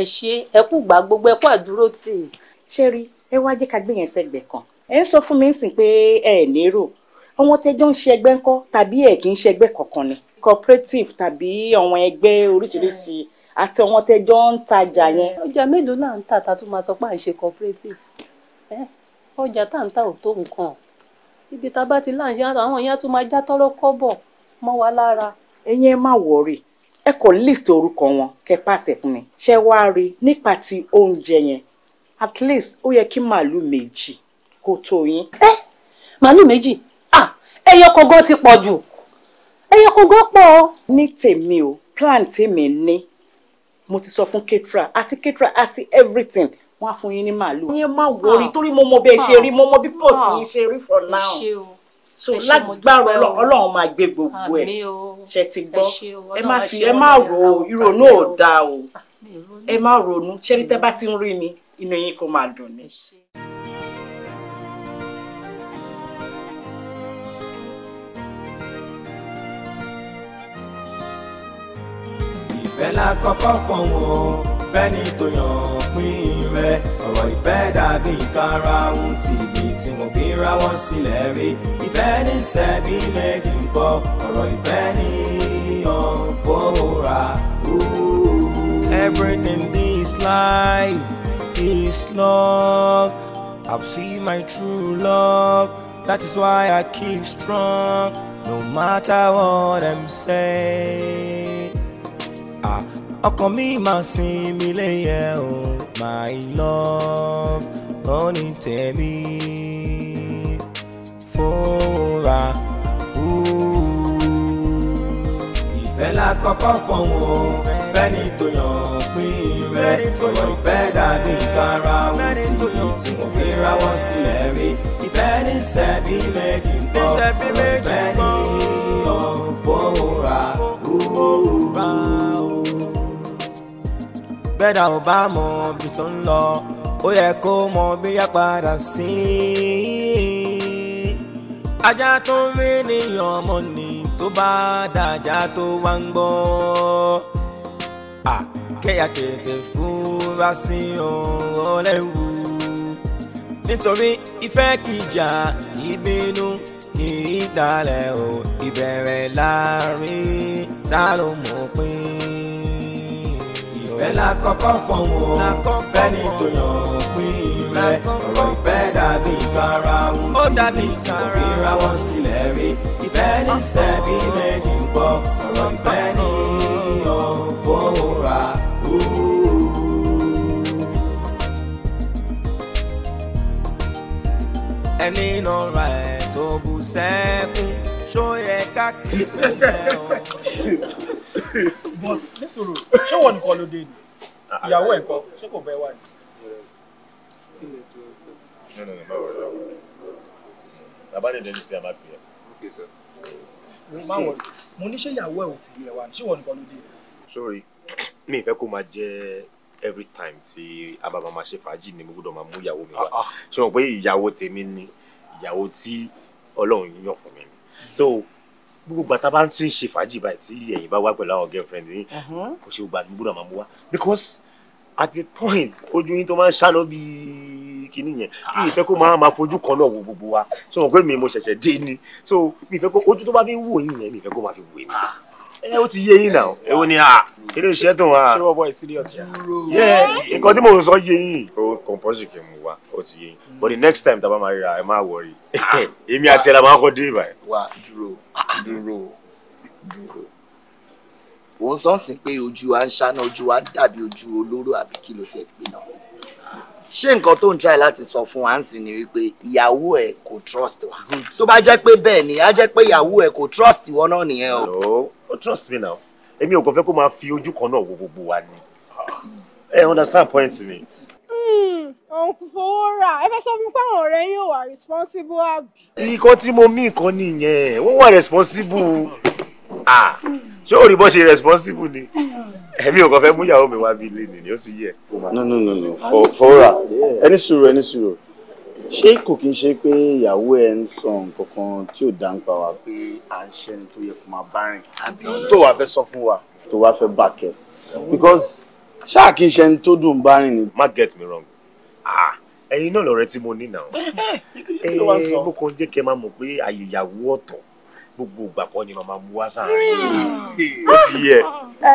C: ẹ ṣé ẹ kú gbà gbogbo ẹ kú àdúró tì í. ṣé rí ẹ wá jẹ́ ká gbé yẹn sẹ́gbẹ̀ẹ́ kan ẹ ń sọ fún mi ń sìn pé ẹ nérò
B: àwọn tẹjọ́ ń ṣẹgbẹ́ ńkọ́ tàbí ẹ kì í ṣẹgbẹ́ kankan ni cooperative tàbí àwọn ẹgbẹ́ oríṣiríṣi àti àwọn tẹjọ́ ń tajà yẹn.
C: ọjà mélòó là ń tà tá a tún máa sọ pé à ń ṣe cooperative ọjà tá à ń tà ò tó nǹkan ibi tá a bá ti láǹṣẹ àwọn èèyàn tún máa já tọ́rọ́ kọ́bọ̀ mọ́ wa lára.
B: ẹ̀yin ẹ má wọrí ẹ kọ list orúkọ wọn kẹ fún mi ṣé wàá rí nípa ti oúnjẹ yẹn at least ó yẹ kí màálù méjì kó tó yín. ẹ màálù méjì ah ẹyọ kọgán ti pọ̀ jù ẹyọ kan gan pọ̀ ní tèmi o plan tèmi ní mo ti sọ fún ketra àti ketra àti everything wọn á fún yín ní màálùú. yín má ah, wọrí torí mo mọ bẹ́ẹ̀ ṣe rí mo mọ bí pọ̀ sí yín ṣe rí for ah, now so lágbára ọlọ́run máa gbé gbogbo ẹ̀ ṣe ti gbọ́ ẹ má fi ẹ má ro ìrònú ò dáa o ẹ má ronú ṣé ní tẹ́ bá ti ń rí mi inú yín kò máa dùn ni.
A: ìfẹ́ la kọ́kọ́ fọ̀n o fẹ́ni tó yàn pín rẹ ọ̀rọ̀ ìfẹ́ dàbí nǹkan ara ohun tìbí tí mo fi ráwọ́ sílẹ̀ rí ìfẹ́ ní sẹ́bí méjì ń bọ̀ ọ̀rọ̀ ìfẹ́ ní yàn fòórà. Everything this life is love. I've seen my true love. That is why I keep strong, no matter what I'm saying ọkàn mi máa sinmi lẹ́yẹ o my love òní tẹ̀mí fúnra wú. ìfẹ́ la kọ́kọ́ fọ̀hún o fẹ́ni tó yàn pín ìfẹ́ tọ̀yọ̀ ìfẹ́ dàbí kára ohun tí tí mo fi ra wọ́n sílẹ̀ rí ìfẹ́ ní sẹ́bí méjì ń bọ̀ ìfẹ́ ní ọ̀fọ̀ òra. bẹ́ẹ̀dà ò bá mọ ibi tó ń lọ ó yẹ kó mọ bí yá padà sí i. ajá tó ń rí níyàn ọmọ ni tó bá dàjà tó wá ń gbọ́ kéèyà tètè fúra sí ọ̀rọ̀ nítorí ìfẹ́ kìjà ìbínú ní ìdálẹ̀ ò ìbẹ̀rẹ̀ láàrin tá ló mọ̀ pín ìfẹ́ la kọ́kọ́ fọ̀n wò fẹ́ni tó yàn pín rẹ̀ ọ̀rọ̀ ìfẹ́ dàbí ìfarahun tí kì í tàbí ra wọn sílẹ̀ rí ìfẹ́ ní ah. sẹ́bí méjì ń bọ̀ ọ̀rọ̀ ìfẹ́ ní yàn fòrà. ẹni nọra ẹ̀ tó bú sẹ́kún ṣó yẹ ká kí ló ń bẹ̀ ọ́ bọ́
E: nísòro ṣé wọ́n nìkan ló dé ni ìyàwó ẹ̀ kan ṣé kò bẹ́
D: wà ní.
F: bàbá lè dẹ́ni tí a máa pè é.
B: mo ní ṣé ìyàwó ẹ̀ ò tẹ̀lé ẹ̀ wá ṣé wọ́n nìkan ló dé ni.
F: sorry mi ìfẹ́ kó máa jẹ́ every time tí a bá máa ṣe fàájì ni mo gbọ́dọ̀ máa mú ìyàwó mi wá ah, ah. ṣé wọ́n pé ìyàwó tèmi ni ìyàwó tí Ọlọ́run yàn fún mi ni so. Mm -hmm gbogbo ìgbà tá a bá ń tí ṣe fàájì báyìí tí ẹ̀yin bá wá pẹ̀lú àwọn girlfriend yín uh-huh. kò ṣe gbà gbúdọ̀ máa mú wá because at a point ojú yín tó máa ń ṣáná bíi kinní yẹn kí ìfẹ́ kó máa máa fojú kan náà wo gbogbo wa so wọn pé mi mo ṣẹ̀ṣẹ̀ dé ni so mi ìfẹ́ kó ojú tó bá fi ń wò yín yẹn mi ìfẹ́ kó máa fi wò mí ẹ eh, ó ti yé yín náà èwo ni a eré iṣẹ́ tó wà. ṣé
D: wọ́n bọ́ ẹ serious yẹ nǹkan tí mo sọ
F: yé yín. o compulsory kì í mu wa ó ti yé yín mm. but the next time tàbá máa ríra ẹ máa wọrí èmi àti ẹ la máa kọ́ dé ibà.
D: wà dúró dúró dúró òun sọ sí pé ojú wa ń ṣáná ojú wa dàbí ojú olóró àbí kí ló tiẹ̀ pé náà ṣé nǹkan tó ń try láti sọ fún wa ń ni wípé ìyàwó ẹ kò trust wa tó bá jẹ́ pé bẹ́ẹ̀
F: ni á jẹ́ pé ìyàwó ẹ kò trust wọn náà nìyẹn o o oh, trust me now èmi ò kàn fẹ́ kó máa fi ojú kan náà wo gbogbo wa ni ẹ eh, understand point mi.
A: Hmm, òun
B: kò fowó rà ẹ fẹ́ sọ fún mi pé àwọn ọ̀rẹ́ yóò wà responsible àbí.
F: ikọ́ tí mo mí nǹkan nìyẹn wọ́n wà responsible ṣé o rí bó ṣe responsible ni èmi ò kàn fẹ́ mú ìyàwó mi wá bí ilé nìyẹn ó ti yẹ. no no no no fowó rà ẹni
D: sùúrù ẹni sùúrù ṣé kò kí n ṣe pé ìyàwó ẹ ń sọ nǹkan kan tí ò dáńpa wa pé à ń ṣe ẹni tó yẹ kó máa bá rìn tó wàá fẹ́ sọ fún wa tó wàá fẹ́ bá kẹ because ṣáà kí n ṣe ẹni tó dùn bá rìn ni. má get me wrong ah
F: ẹ̀yin náà lọ̀rẹ́ tí mo ní náà ẹ eh, mo kàn jẹ́ kẹ́ máa mọ̀ pé àyè ìyàwó ọ̀tọ̀ gbogbo ìgbà kan ni màmá mú wá sáàrin ó ti yẹ.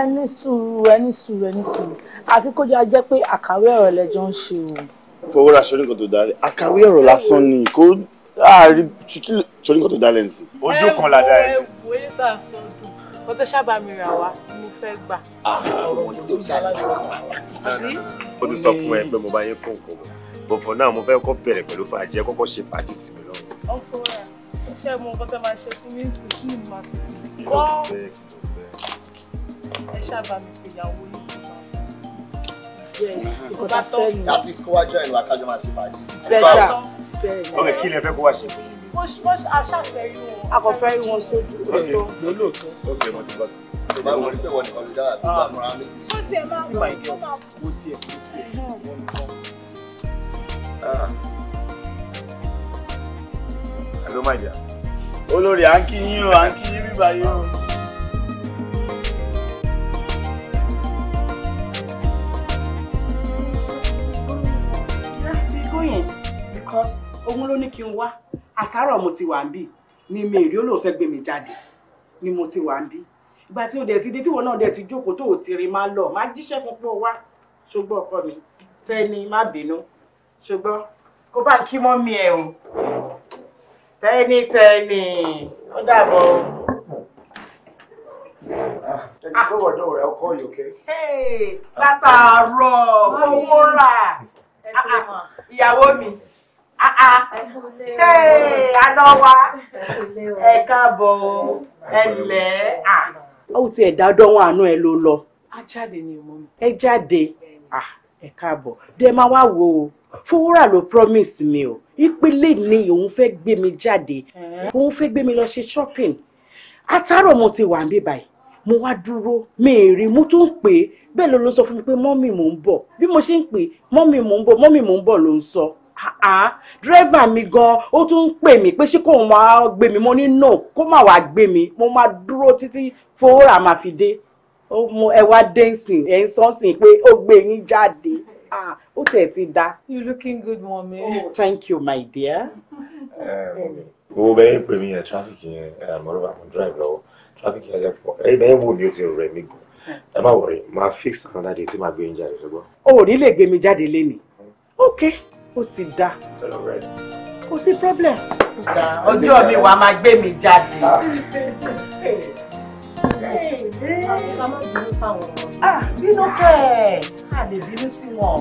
B: ẹni sùúrù ẹni sùúrù ẹni sùúrù àfi kó jọ pé àkàwé ọ̀rọ̀ lẹ́jọ́ ń ṣe òun
D: fowó ra ṣorí nǹkan tó dálẹ̀ àkàwé ọ̀rọ̀ lásán ni kò láàárí ṣorí nǹkan tó dálẹ̀ nìsín. ojú kan la ẹ. ẹ̀wọ̀
B: ẹ̀ a sọ dùn wọ́n tó sábà mi rà wá mo fẹ́ gbà.
F: Ah, mo ti sọ fún ẹ pé mo bá yín kó nǹkan wọ̀ but for mo fẹ́ kọ́ bẹ̀rẹ̀ pẹ̀lú ẹ ṣe fàájì
D: ìyàwó yìí that is kó wá join wa kájọ máa ṣe fàájì. bẹ́ẹ̀
F: bẹ́ẹ̀
B: ok
D: kí lè fẹ́ kó wá ṣe fún yín.
B: wọ́n ṣàfẹ́ rí wọn. a kò fẹ́ rí wọn sójú. ok
D: lólóòótọ́ ok mo ti gbọ́ sí tó bá wọlé pé wọn nìkan ló dára tó bá múra méjì.
B: ó tiẹ̀ máa ń bọ̀ ó máa kú. ó tiẹ̀ ó tiẹ̀ wọ́n nìkan. Ah.
D: hello my dear olórí à ń kí yín o à ń kí yín o.
B: because òun ló ní kí n wá àtàárọ̀ mo ti wà ń bì ni mi èrè olóòfẹ́ gbé mi jáde ni mo ti wà ń bì ìgbà tí o dẹ̀ ti dé tíwọ náà dẹ̀ ti jókòó tó o ti rí máa lọ máa jíṣẹ́ fún wá ṣùgbọ́n ọkọ mi tẹ́ni má bínú ṣùgbọ́n kó bá kí mọ́ mi ẹ̀ o tẹ́ni tẹ́ni
F: ó dàbọ̀ ah, látàárọ̀
B: owó rà ah, ah, ìyàwó mi. Ah wa ẹ káàbọ̀ ẹ lẹ̀ á. ó ti ẹ̀ dá dánwò àánú ẹ ló lọ. a jáde ni mo mi. ẹ jáde ẹ káàbọ̀ dẹ máa wá wò ó fowóra ló promise mi o ìpele ni òun fẹ́ gbé mi jáde òun fẹ́ gbé mi lọ ṣe shopping àtàárọ̀ mo ti wà níbí báyìí mo wá dúró mi ì rí mo tún ń pè é bẹ́ẹ̀ ló ló sọ fún mi pé mọ́mì mò ń bọ̀ bí mo ṣe ń pè é mọ́mì mò ń bọ̀ mọ́mì mò ń bọ̀ ló ń sọ dírẹ́bà mi gan ó tún ń pè mí pé ṣé kò máa gbé mi mo ní no kó má wàá gbé mi mo máa dúró títí fowórà máa fi dé ẹ wá dẹ́sìn ẹ̀ ń sọ́sìn pé ó gbé yín jáde ó tẹ̀ ti da. you looking good mommy. Oh, thank you my dear. Eh,
F: owó bẹ́ẹ̀ pè mí yẹn traffic yẹn àmọ́ràn eh, àmọ́ drive lọ́wọ́ traffic yẹn pọ̀ ẹ̀yin bẹ́ẹ̀ wò ni o ti rẹ̀ mí gan ẹ má wọrí máa fix another day tí màá gbé yín jáde ṣùgbọ́n.
B: o ò ní lè gbé mi jáde lénìí. okay ó ti dá kò sí problem.
D: ọjọ́ mi wàá
F: máa gbé mi
B: jáde. Ah, bínú kẹ́ ẹ̀ a lè bínú sí wọn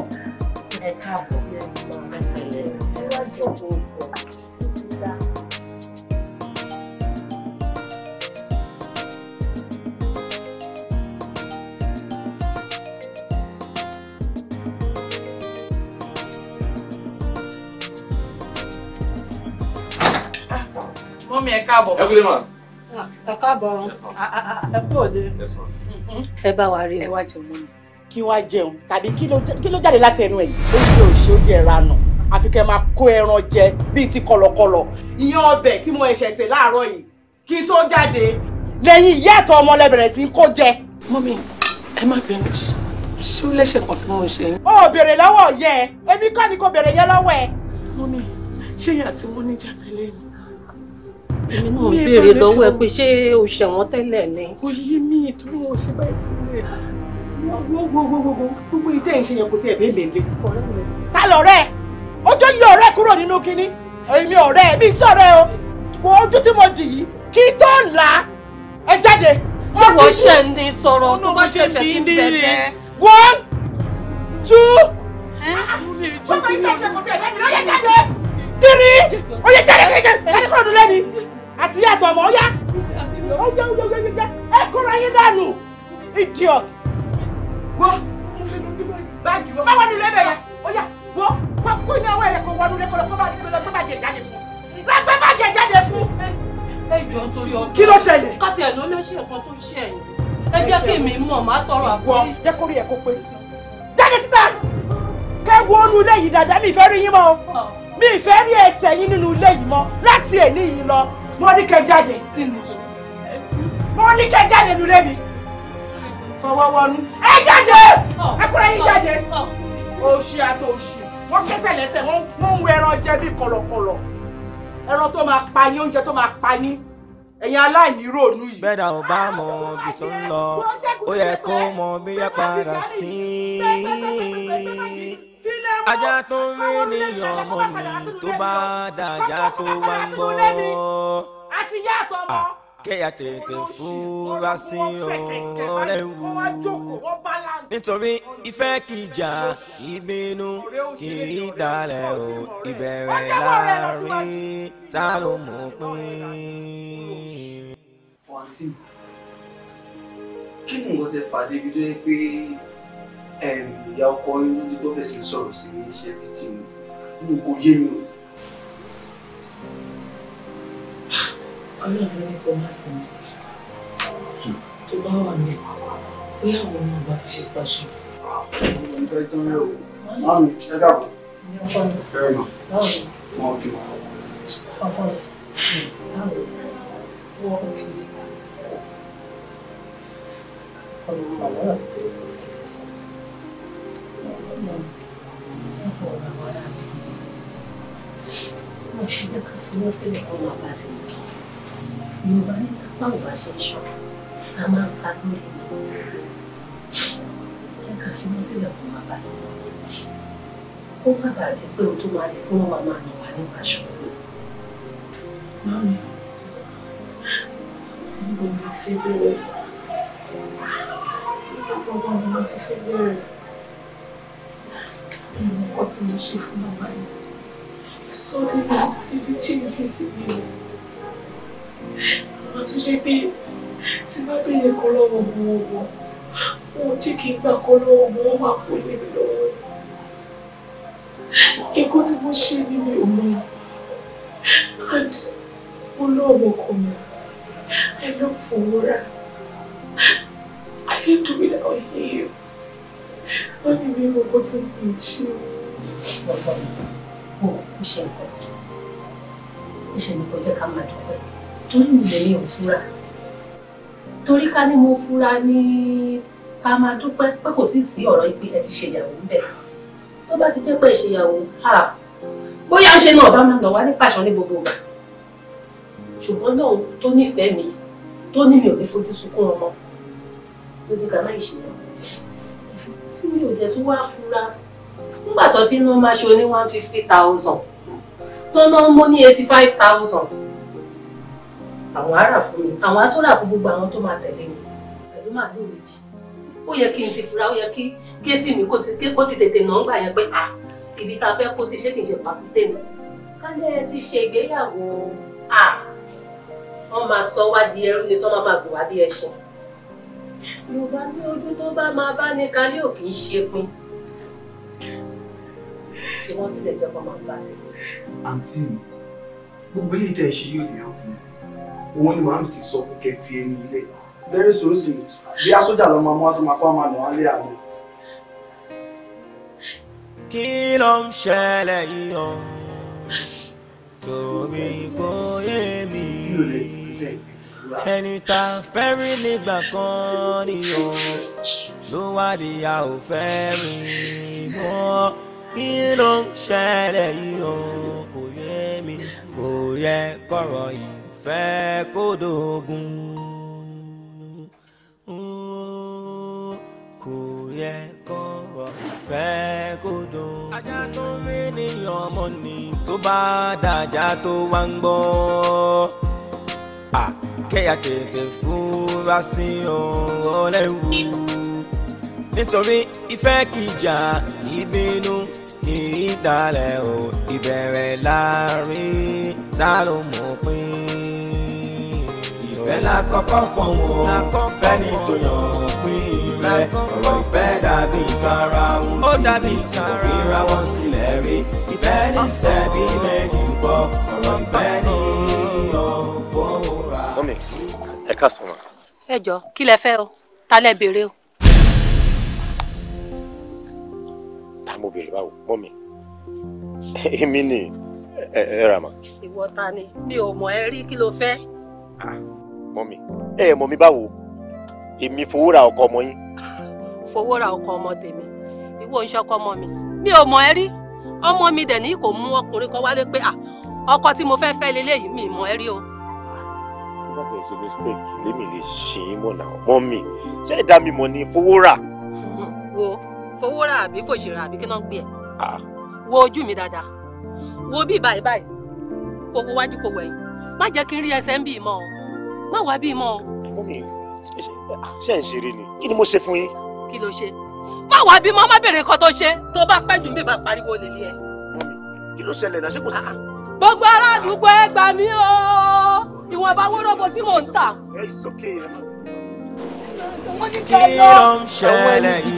B: ẹ káàbọ̀
C: mọ́mí ẹ káàbọ̀. ẹ kúlẹ̀ mà. ẹ káàbọ̀ ẹ kú òde. ẹ bá wa
B: rí ẹ wá jẹun mọ́mi. kí wá jẹun tàbí kí ló jáde láti ẹnu ẹ yìí. ó ṣe òṣè ó jẹ ẹran nà àfi kẹ́ máa kó ẹran jẹ bíi ti kọ̀lọ̀kọ̀lọ̀ ìyẹn ọbẹ̀ tí mo ẹ̀ṣẹ̀ sè láàárọ̀ yìí kí tó jáde lẹ́yìn ìyá ẹ̀tọ́ ọmọ lẹ́bẹ̀rẹ̀ sí kó jẹ. mọ́mí ẹ má bínú ṣú lẹ́sẹ̀ kan tí mo ń ṣe. ó béèrè lọ́wọ́ yẹ ẹbí kọ́ ni kò béèrè yẹn lọ́wọ́ ẹ. mọ́mí ṣé ìyá tí mo níjà tẹ́lẹ̀ mi èmi náà béèrè lọ́wọ́ ẹ pé
C: ṣé o ṣẹ̀wọ̀n tẹ́lẹ̀ ni. kò yí mi ìtúrò wọn ṣe báyìí tẹ́lẹ̀.
B: gbogbo ìtẹ́ ìṣe yẹn kò tiẹ̀ bẹ́ẹ̀ bẹ́ẹ̀ lé. ta lọ̀rẹ́ ẹ ojú yí ọ̀rẹ́ kúrò nínú kinní èmi ọ̀rẹ́ mi ń sọ̀rọ̀ ẹ o ojú tí mo dì yìí kí tó ń
C: ní sọ̀rọ̀
B: two. bọ́lá ah, jáde. three ó yẹ kékeré ẹni kúrò nílẹ̀ ni àti yàtọ̀ ọmọ ọ̀yá ọ̀yá ọ̀yá ọ̀yá ọ̀yá ẹ kóra yín dànù idiot. wọ́n mo fi báàgì wọn. báwo ni ilé bẹ̀rẹ̀ ọ̀yá wọ́n wọ́n kó
C: iná ọwọ́ ẹ̀rẹ̀ kó wọnú lẹ́kọ̀ọ́ lọ gbé bàjẹ́ jáde fún lọ́gbẹ́ bàjẹ́ jáde fún. ẹ jọ torí ọkọ kí ló ṣẹlẹ̀. kọ́tì ẹ̀ ló lọ́ọ́ ṣe nǹkan tó ń ṣe ẹ̀yìn ẹ jẹ́ kí mi mọ̀ má tọrọ àforí.
B: jẹ́ kó rí ẹ̀ kó pé
C: jáde síta kẹ́ wọnú ilé yìí dáadáa mi ìfẹ́
B: rí yín mọ́ mi ìfẹ́ rí ẹsẹ̀ yín nínú ilé yìí mọ́ láti èní yìí lọ mo ní kẹ́ jáde mo ní kẹ́ jáde lulẹ̀ mi fọwọ́ ẹ jáde ẹkùnrin yìí jáde oṣù àti oṣù wọ́n kẹsẹ̀ lẹ́sẹ̀ wọ́n ń wo ẹran jẹ bí kọ̀lọ̀kọ̀lọ̀ ẹran tó máa pa yín oúnjẹ tó máa pa yín
A: ẹ̀yin aláìní ròónú yìí. bẹ́ẹ̀dà ò bá mọ ibi tó ń lọ ó yẹ kó mọ bí yá padà sí i ajá tó ń rí níyàn ọmọ mi tó bá dàjà tó wá ń gbọ́. àti ìyá àtọmọ kẹ́yà tètè fúra sí ọ̀rẹ́ wù nítorí ìfẹ́ kìjà ìbínú kì dalẹ̀ o ìbẹ̀rẹ̀ láàrin ta ló mú pín. kí ni nǹkan tẹ fà tó yẹ
D: pé ìyá ọkọ inú ni tó bẹ̀sẹ̀ sọ̀rọ̀ sí ṣe fi tì mí
F: mú kò yé mi o.
B: ọlọ́run ló ní kó má sí mi
F: tó bá wà ní
B: bóyá àwọn ọmọ
D: ọba fi ṣe pàṣẹ. ìgbà ìtàn rẹ
B: wọ́n ní
C: ká fi wọ́n sílẹ̀ kó máa bá ti lọ. Yorùbá ní apá ò bá ṣe sọ, a máa ń pa lórí mi. Jẹ́ ká fi wọ́n sílẹ̀ kó máa bá ti lọ. Ó má
B: nǹkan tí mo ṣe fún bàbá yìí suddenly ibi jíǹkì sí mi o àwọn tó ṣe pé tí bá béèrè kan lọ́wọ́ mọ́ wọn wọn ò jí kí n gbà kan lọ́wọ́ mọ́ wọn máa kó lé mi lọ́wọ́ ikú tí mo ṣe ni mi ò mọ and mo lọ́wọ́ kan mi I love Fowora I can't do without you wọ́n ní mi gbogbo tí mo lè ṣe.
C: ọ̀pọ̀ ò ń ṣe nǹkan ìṣẹ̀ nìkan jẹ́ ká máa dúpẹ́ torí mi lè ní òfúra torí ká ní mo fúra ní ká máa dúpẹ́ pé kò tí ì sí ọ̀rọ̀ ìpè ẹ ti ṣèyàwó ń bẹ̀ tó bá ti jẹ́ pé ìṣèyàwó bóyá ń ṣe náà bá máa nà wá ní pàṣọ ní gbogbo ìgbà ṣùgbọ́n náà tó nífẹ̀ẹ́ mi tó ní mi ò ní fojú sunkún ọmọ ló ní ká má ìṣèyàwó tí mi ò dẹ̀ tún wá fura nígbà tó ti ná máa ṣe ní one fifty thousand tó ná mọ́ ní eighty five thousand àwọn ará fún mi àwọn atúrà fún gbogbo àwọn tó máa tẹ̀lé mi pẹ̀lú màálù méjì ó yẹ kí n ti fura ó yẹ kí kéétì mi kó ti tètè nà ń gbà yẹn pé à ah, ibi tá a fẹ́ kó sí ṣé kì í ṣe pàkúté mi kálẹ̀ ti ṣe ìgbéyàwó à ah, wọ́n máa sọ wá di ẹrú ni tó máa máa gbò wá bí ẹṣin. Yorùbá ní ọdún tó bá máa bá ní kárí ò kì í ṣe pin. Fi wọ́n sílẹ̀ jẹ́
D: kó máa bá ti. Àǹtí mi, gbogbo ilé ìtẹ̀ ṣe yóò lè ọkùnrin. Òun ni màámi ti sọ pé kẹ́ fi ẹni ilé. Bẹ́rẹ̀ sòrò sí mi, bí asójà lọ máa mú wá tó máa fọ́ máa nà
A: án lé Kí ló ń ṣẹlẹ̀ yìí o? Tòmí kò yé mi ẹni tá a fẹ́ rí nígbà kan nìyọ ló wá di a ò fẹ́ rí mọ́ kí ló ń ṣẹlẹ̀ yìí o kò yé mi kò yẹ kọ̀rọ̀ ìfẹ́ kó dógùn kò yẹ kọ̀rọ̀ ìfẹ́ kó dógùn. ajá tó rí nìyọ ọmọ ni tó bá dàjà tó wá ń gbọ́ kéèyàn tètè fura sí ọ̀rọ̀ lẹ́wù nítorí ìfẹ́ kìjà ìbínú kì í dalẹ̀ o ìbẹ̀rẹ̀ láàrin ta ló mọ̀ pín. ìfẹ́ lákọ́kọ́ fọ̀wọ́ fẹ́ni tó yàn pín rẹ̀ ọ̀rọ̀ ìfẹ́ dàbí ìfarahun tí ìfira wọn sílẹ̀ rí ìfẹ́ ní sẹ́bí méjì pọ̀ ọ̀rọ̀ ìfẹ́ ní.
F: ẹ ká sọ̀rọ̀.
C: ẹ jọ kí lẹ fẹ́ o ta lẹ béèrè o.
F: ta mo béèrè báwo mọ mi èmi ni ẹ rà mà.
C: ìwọ ta ni mi ò mọ ẹ rí kí ló fẹ́.
F: mọ mi ẹ mọ mi báwo èmi fowó ra ọkọ ọmọ yín.
C: fowó ra ọkọ ọmọ tèmi ìwọ ń ṣọkọ ọmọ mi mi ò mọ ẹ rí ọmọ mi dẹ̀ ní kò mú ọkùnrin kan wálé pé ọkọ tí mo fẹ́ fẹ́ lélẹ́yìí mi mọ ẹ rí o
F: nígbà tí ṣe mistake lèmi lè ṣe é mọ̀ náà mọ́ mi ṣé ìdá mi mọ̀ ni fowó rà.
C: wo fowó rà àbí fòṣèrè àbí kí náà ń pè ẹ́ wo ojú mi dáadáa wo bí báyìí báyìí kò wo wájú kò wẹ̀yìn má jẹ́ kí n rí ẹsẹ̀ ń bì í mọ́ ọ má wá bí í mọ́ ọ. mọ́mí
F: ṣé ẹ̀ ń ṣeré ni kí ni mo ṣe fún yín.
C: kí ló ṣe má wá bí mọ́ má bèrè nǹkan tó ṣe tó bá pẹ́ jù mí bá pariwo lè lé ẹ. mọ́mí kí ló ṣẹlẹ̀ náà ṣé kò sí. Ah, ah. gbogbo ará àdúgbò ẹ gbà mí o ìwọ̀nba owó rọ́bọ tí mò ń tà. wọ́n ní
E: kẹ́ lọ àwọn
D: ẹni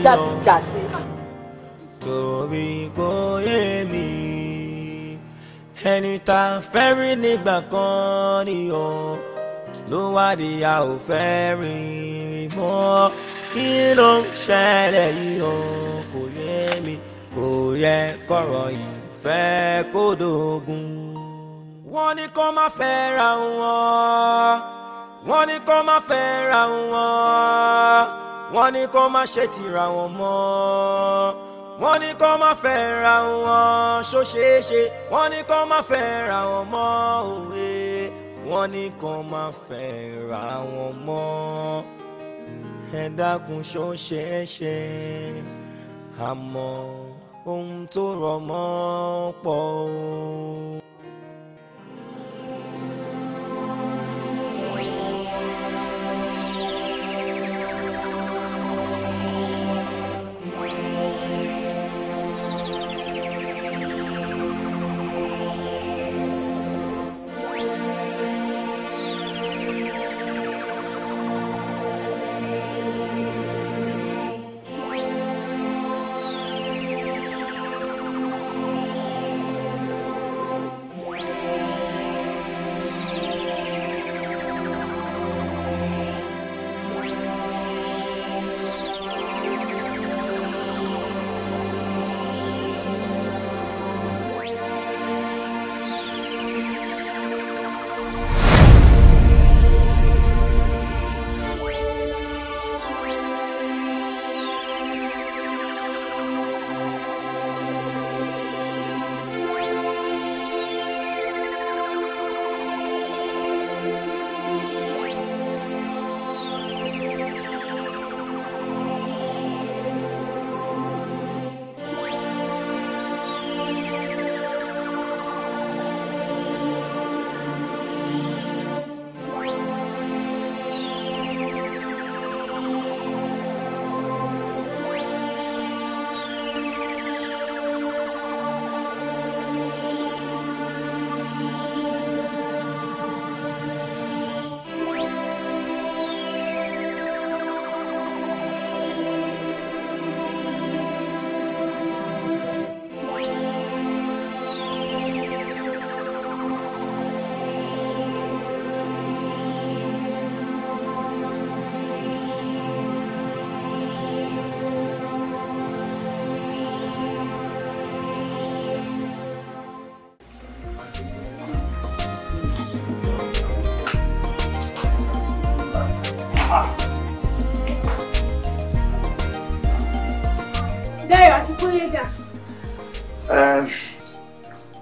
A: torí kò yé mi ẹni tá a fẹ́ rí nígbà kan nìyọ ló wá di a ò fẹ́ rí mọ́ kí ló ń ṣẹlẹ̀ yìí o kò yé mi kò yẹ kọ̀rọ̀ yìí fẹ́ kó dógún wọ́n ní kó má fẹ́ra wọn wọ́n ní kó má fẹ́ra wọn wọ́n ní kó má ṣe tìra wọn mọ́ wọ́n ní kó má fẹ́ra wọn ṣó ṣeé ṣe wọ́n ní kó má fẹ́ra wọn mọ́ òwe wọ́n ní kó má fẹ́ra wọn mọ́ ẹ dákun ṣó ṣeé ṣe àmọ́ ohun tó rọ̀ mọ́ pọ̀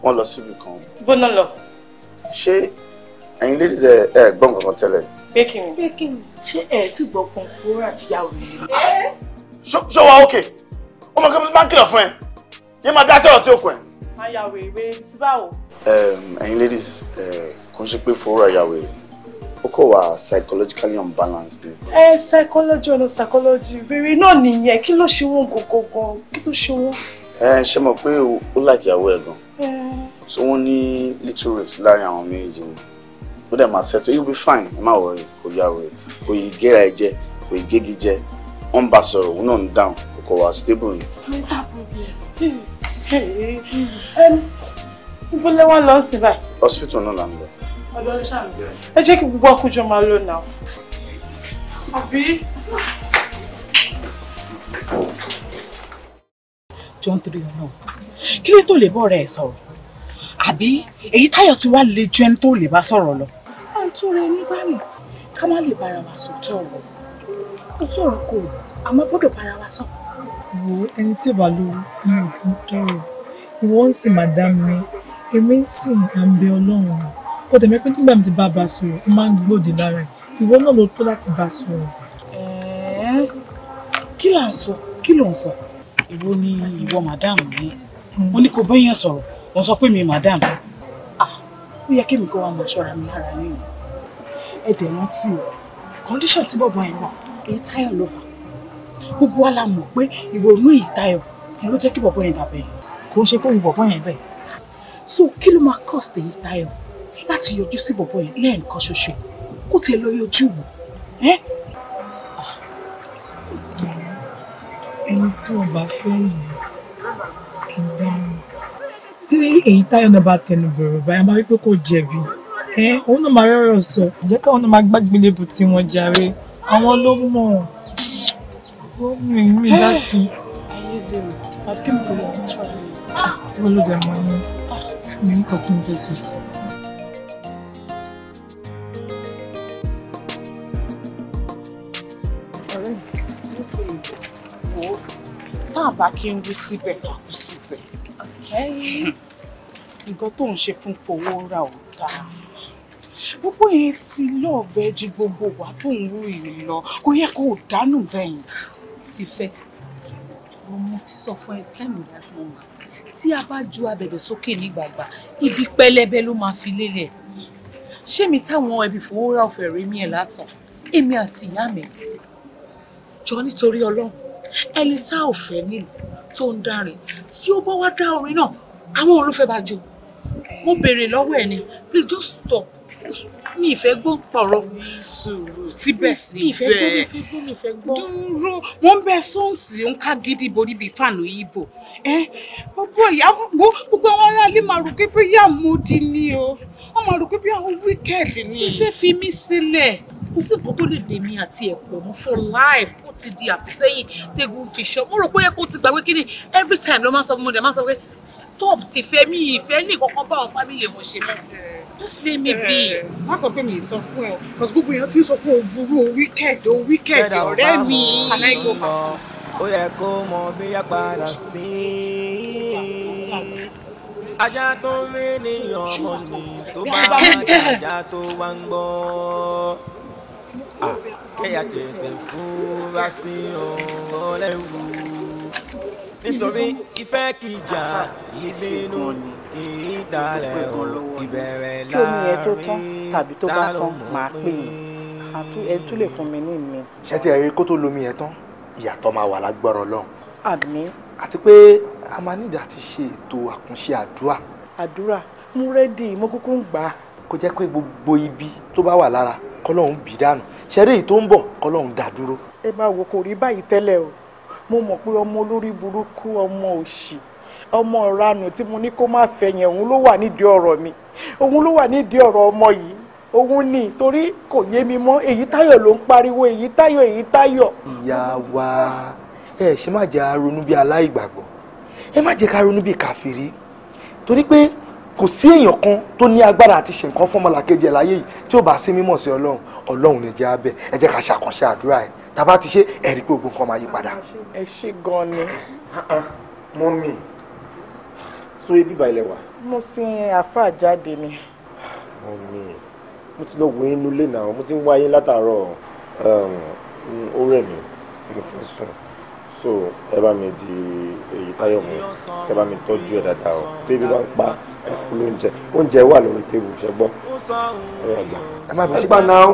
D: wọ́n lọ síbi kan. bóná lọ. ṣé ẹ̀yin ladies ẹ ẹ gbọ́ nǹkan kan tẹ́lẹ̀.
B: baking baking ṣé ẹ ti gbọ́ kọ̀ǹkúrò àti ìyàwó rẹ̀.
D: ṣó wa ókè ó mọ̀ kí n kìlọ̀ fún ẹ yé máa dá sẹ́wọ̀n tí ó kù ẹ̀. ayàwó
B: ìwé síbáwò.
D: ẹ̀yin ladies kò ń ṣe pé fowórà ayàwó rẹ̀ ó kò wà psychologically unbalanced.
B: ẹ psychology ọ̀nà psychology bèrè náà nìyẹn kí ló ṣe wọ́n gangan kí ló ṣe wọ́n.
D: ẹ ṣe mọ̀ pé ó láìkí ìyàwó ẹ̀ gan so wọ́n ní little rift láàrin àwọn méjì ni ó dẹ̀ máa ṣètò you'll be fine ẹ má wọrí kò yá wọrí kò yí gẹ́ra ẹ jẹ kò yí gégi jẹ wọ́n ń bá sọ̀rọ̀ òun náà ń dáhùn kò wá stable ni. ibo lẹ wọn lọ sí báyìí. hospital náà là ń lọ. ọ̀dọ̀ ṣáà ẹ jẹ́ kí gbogbo àkójọ máa lọ náà. àbí
B: jọ ń torí ọlọ́run kí ló tó lè bọ́ ọ̀rẹ́ ẹ̀ sọ̀rọ̀ àbí èyí táyọ̀ ti wá le ju ẹni tó lè bá sọ̀rọ̀ lọ. à ń tó rẹ ní báyìí ká má lè bára wa sọ̀tọ̀ ọ̀rọ̀ òtún ọ̀rọ̀ kò àmọ́ gbọ́dọ̀ bára wa sọ. wo ẹni tí ò bá lówó ẹni ò kí ń tọrọ ìwọ ń sìn madam mi èmi ń sìn àǹbẹ ọlọ́run ó tẹ̀mẹ́ pé nígbà mi ti bá a bá sọ̀rọ̀ ó máa ń gbòdì lára ẹ̀ ìwọ náà ló tó láti bá a sọ̀rọ̀. ẹ̀ẹ́ kí là ń sọ kí ló ń sọ èwo ni ìwọ madam yìí mo ní kò bẹ́yẹn sọ̀rọ̀ mo sọ pé mi madam ah, ó yẹ kí mi kó wa máa ṣọ́ra mi lára yín ẹ dẹ̀ rántí o condition tí bọ̀bọ̀ yẹn wà èyí táyọ̀ ló fà gbogbo wa la mọ̀ pé ìrònú èyí táyọ̀ ni ló jẹ́ kí bọ̀bọ̀ yẹn dàbẹ̀ kò ń ṣe pé òun bọ̀bọ̀ yẹn bẹ̀ so kí ló máa cost èyí táyọ̀ láti yọjú sí bọ̀bọ̀ yẹn lẹ́ẹ̀kan ṣoṣo kó tiẹ̀ lọ yọjú wò ẹ́ ẹni tí wọ́n bá fẹ́ yìí kì í dáná tí èyí táyọ̀ náà bá tẹnu bọ̀rọ̀ báyà máa wípé kò jẹ̀bi ẹ òun náà máa rọrọ sọ jẹ́ káwọn náà máa gbàgbé lébù tí wọ́n jàre àwọn ló mọ̀ ó mi mi dá sí i. ayé bèrè àbí mo lè tọ́ ọ. wọ́n ló dẹ̀ mọ́ yín ah, mi ní kọ́kún jésù sí i. tá a bá kí ń wí síbẹ̀ ká kú síbẹ̀. nǹkan tó ń ṣe fún fowó ra ò dáa gbogbo yẹn ti lọ́ọ̀bẹ ju gbogbo wa tó ń wú yìí lọ kò yẹ kó o dánú bẹ́yìn. ti fẹ́
C: mo ti sọ fún ẹ kẹ́mi dágbọ́n wa tí a bá ju abẹ̀bẹ̀ sókè ní gbàgbà ibi pẹlẹbẹ ló máa fi lélẹ̀ ṣé mi táwọn ẹbí fowó ra ọ̀fẹ́
B: rí mi ẹ̀ látàn èmi àti ìyá mi jọ nítorí ọlọ́run ẹni tá ò fẹ́ nílùú tó ń dárin tí ó bá wá dá orin náà àwọn olùfẹ́ bá jó mo béèrè lọ́wọ́ ẹ ni please just stop mi ìfẹ́ gbọ́ pọ̀rọ̀. ní sùúrù síbẹ̀síbẹ̀ dúró wọ́n bẹ sọ́ọ̀sì ń ká gidi borí bíi fàánù ibo gbogbo ìyá gbogbo gbogbo àwọn aráalé máa rò pé bóyá mo di ni o wọ́n máa rò pé bí àwọn wíkẹ́ẹ̀dì ni. fífẹ́ fi mí sílẹ̀
C: kò sí nǹkan tó lè dè mí àti ẹ̀pọ̀ mú for life ó ti di àfisẹ́yìn tegun fi ṣọ́ mo rò pé kó ti gbàgbé kíni every time ló máa ń sọ fún mi lè máa ń sọ pé stop ti fẹ́ mi ìfẹ́
B: ní ìkọ̀kan bá àwọn fámìlì wọn ṣe mọ́ just let me be. Eh. má sọ pé mi sọ fún ẹ because gbogbo èèyàn ti sọ pé o burú o wicked o wicked ọ̀rẹ́ mi.
A: ó yẹ kó mọ bí yá padà sí i. ajá tó ń rí níyàn ọmọ mi tó bá wà ní ajá tó wá ń gbọ́ kéèyà tètè fúra sí ọ̀rọ̀ lẹ́wù nítorí ìfẹ́ kìjà ìbínú ni ìdálẹ̀ o
B: ìbẹ̀rẹ̀ láàrin kí omi yẹn tó tán tàbí tó bá tán màá pè é ẹ tún lè fún mi ní mi.
D: ṣé tí ẹ rí kó tó lomi yẹn tán ìyàtọ̀ máa wà lágbọ́rọ̀ lọ́hùn.
B: àmín. àti pé a máa nídìí àti ṣe ètò àkànṣe àdúrà. àdúrà mú rẹ́dì mo kúkú ń gbà á. kó jẹ́ pé gbogbo ibi tó bá wà lára kọ́lọ́hún
F: bì dànù ṣeré yìí tó ń bọ̀ kọ́lọ́hún dá dúró.
B: ẹ máa wò kò rí báyìí tẹ́lẹ̀ o mo mọ̀ pé ọmọ olórí burúkú ọmọ òṣì ọmọ ìranù tí mo ní kó má fẹ́ yẹn òun ló wà nídìí ọ̀rọ̀ mi òun ló wà nídìí ọ̀rọ̀ ọmọ yìí òun ni torí kò yé mi mọ́ èyí táyọ̀ ló ń pariwo èyí táyọ̀ èyí táyọ̀.
D: ìyá wa ẹ ṣe má jẹ́ a ronú bí ẹ má jẹ́ ká ronú bí kàfìrí torí pé kò sí èèyàn kan tó ní agbára àti ṣe nǹkan fọmọlàkejì ẹ láyé yìí tí ó bá sí mímọ̀ sí Ọlọ́run
E: Ọlọ́run lè jẹ́ abẹ ẹ jẹ́ ká ṣàkànṣe àdúrà ẹ tàbá ti ṣe ẹ rí pé ogun kan máa yí padà. ẹ
F: ṣe gan ni. Ah, ah, mọ́mì so ebi bá ilẹ̀ wà.
B: mo sin àáfàá jáde ni.
F: mọ́mí mo ti lọ wò yín nulẹ̀ náà mo ti ń wá látàárọ̀ um, ó rẹ̀ mí mo fẹ́ sùn so ẹ bá mi di èyí táyọ̀ mú ẹ bá mi tọ́jú ẹ dáadáa o tó ebi bá ń pa ẹkún lóúnjẹ oúnjẹ wà lórí tèbù ṣẹgbọ́n
D: ẹ má bẹ ṣe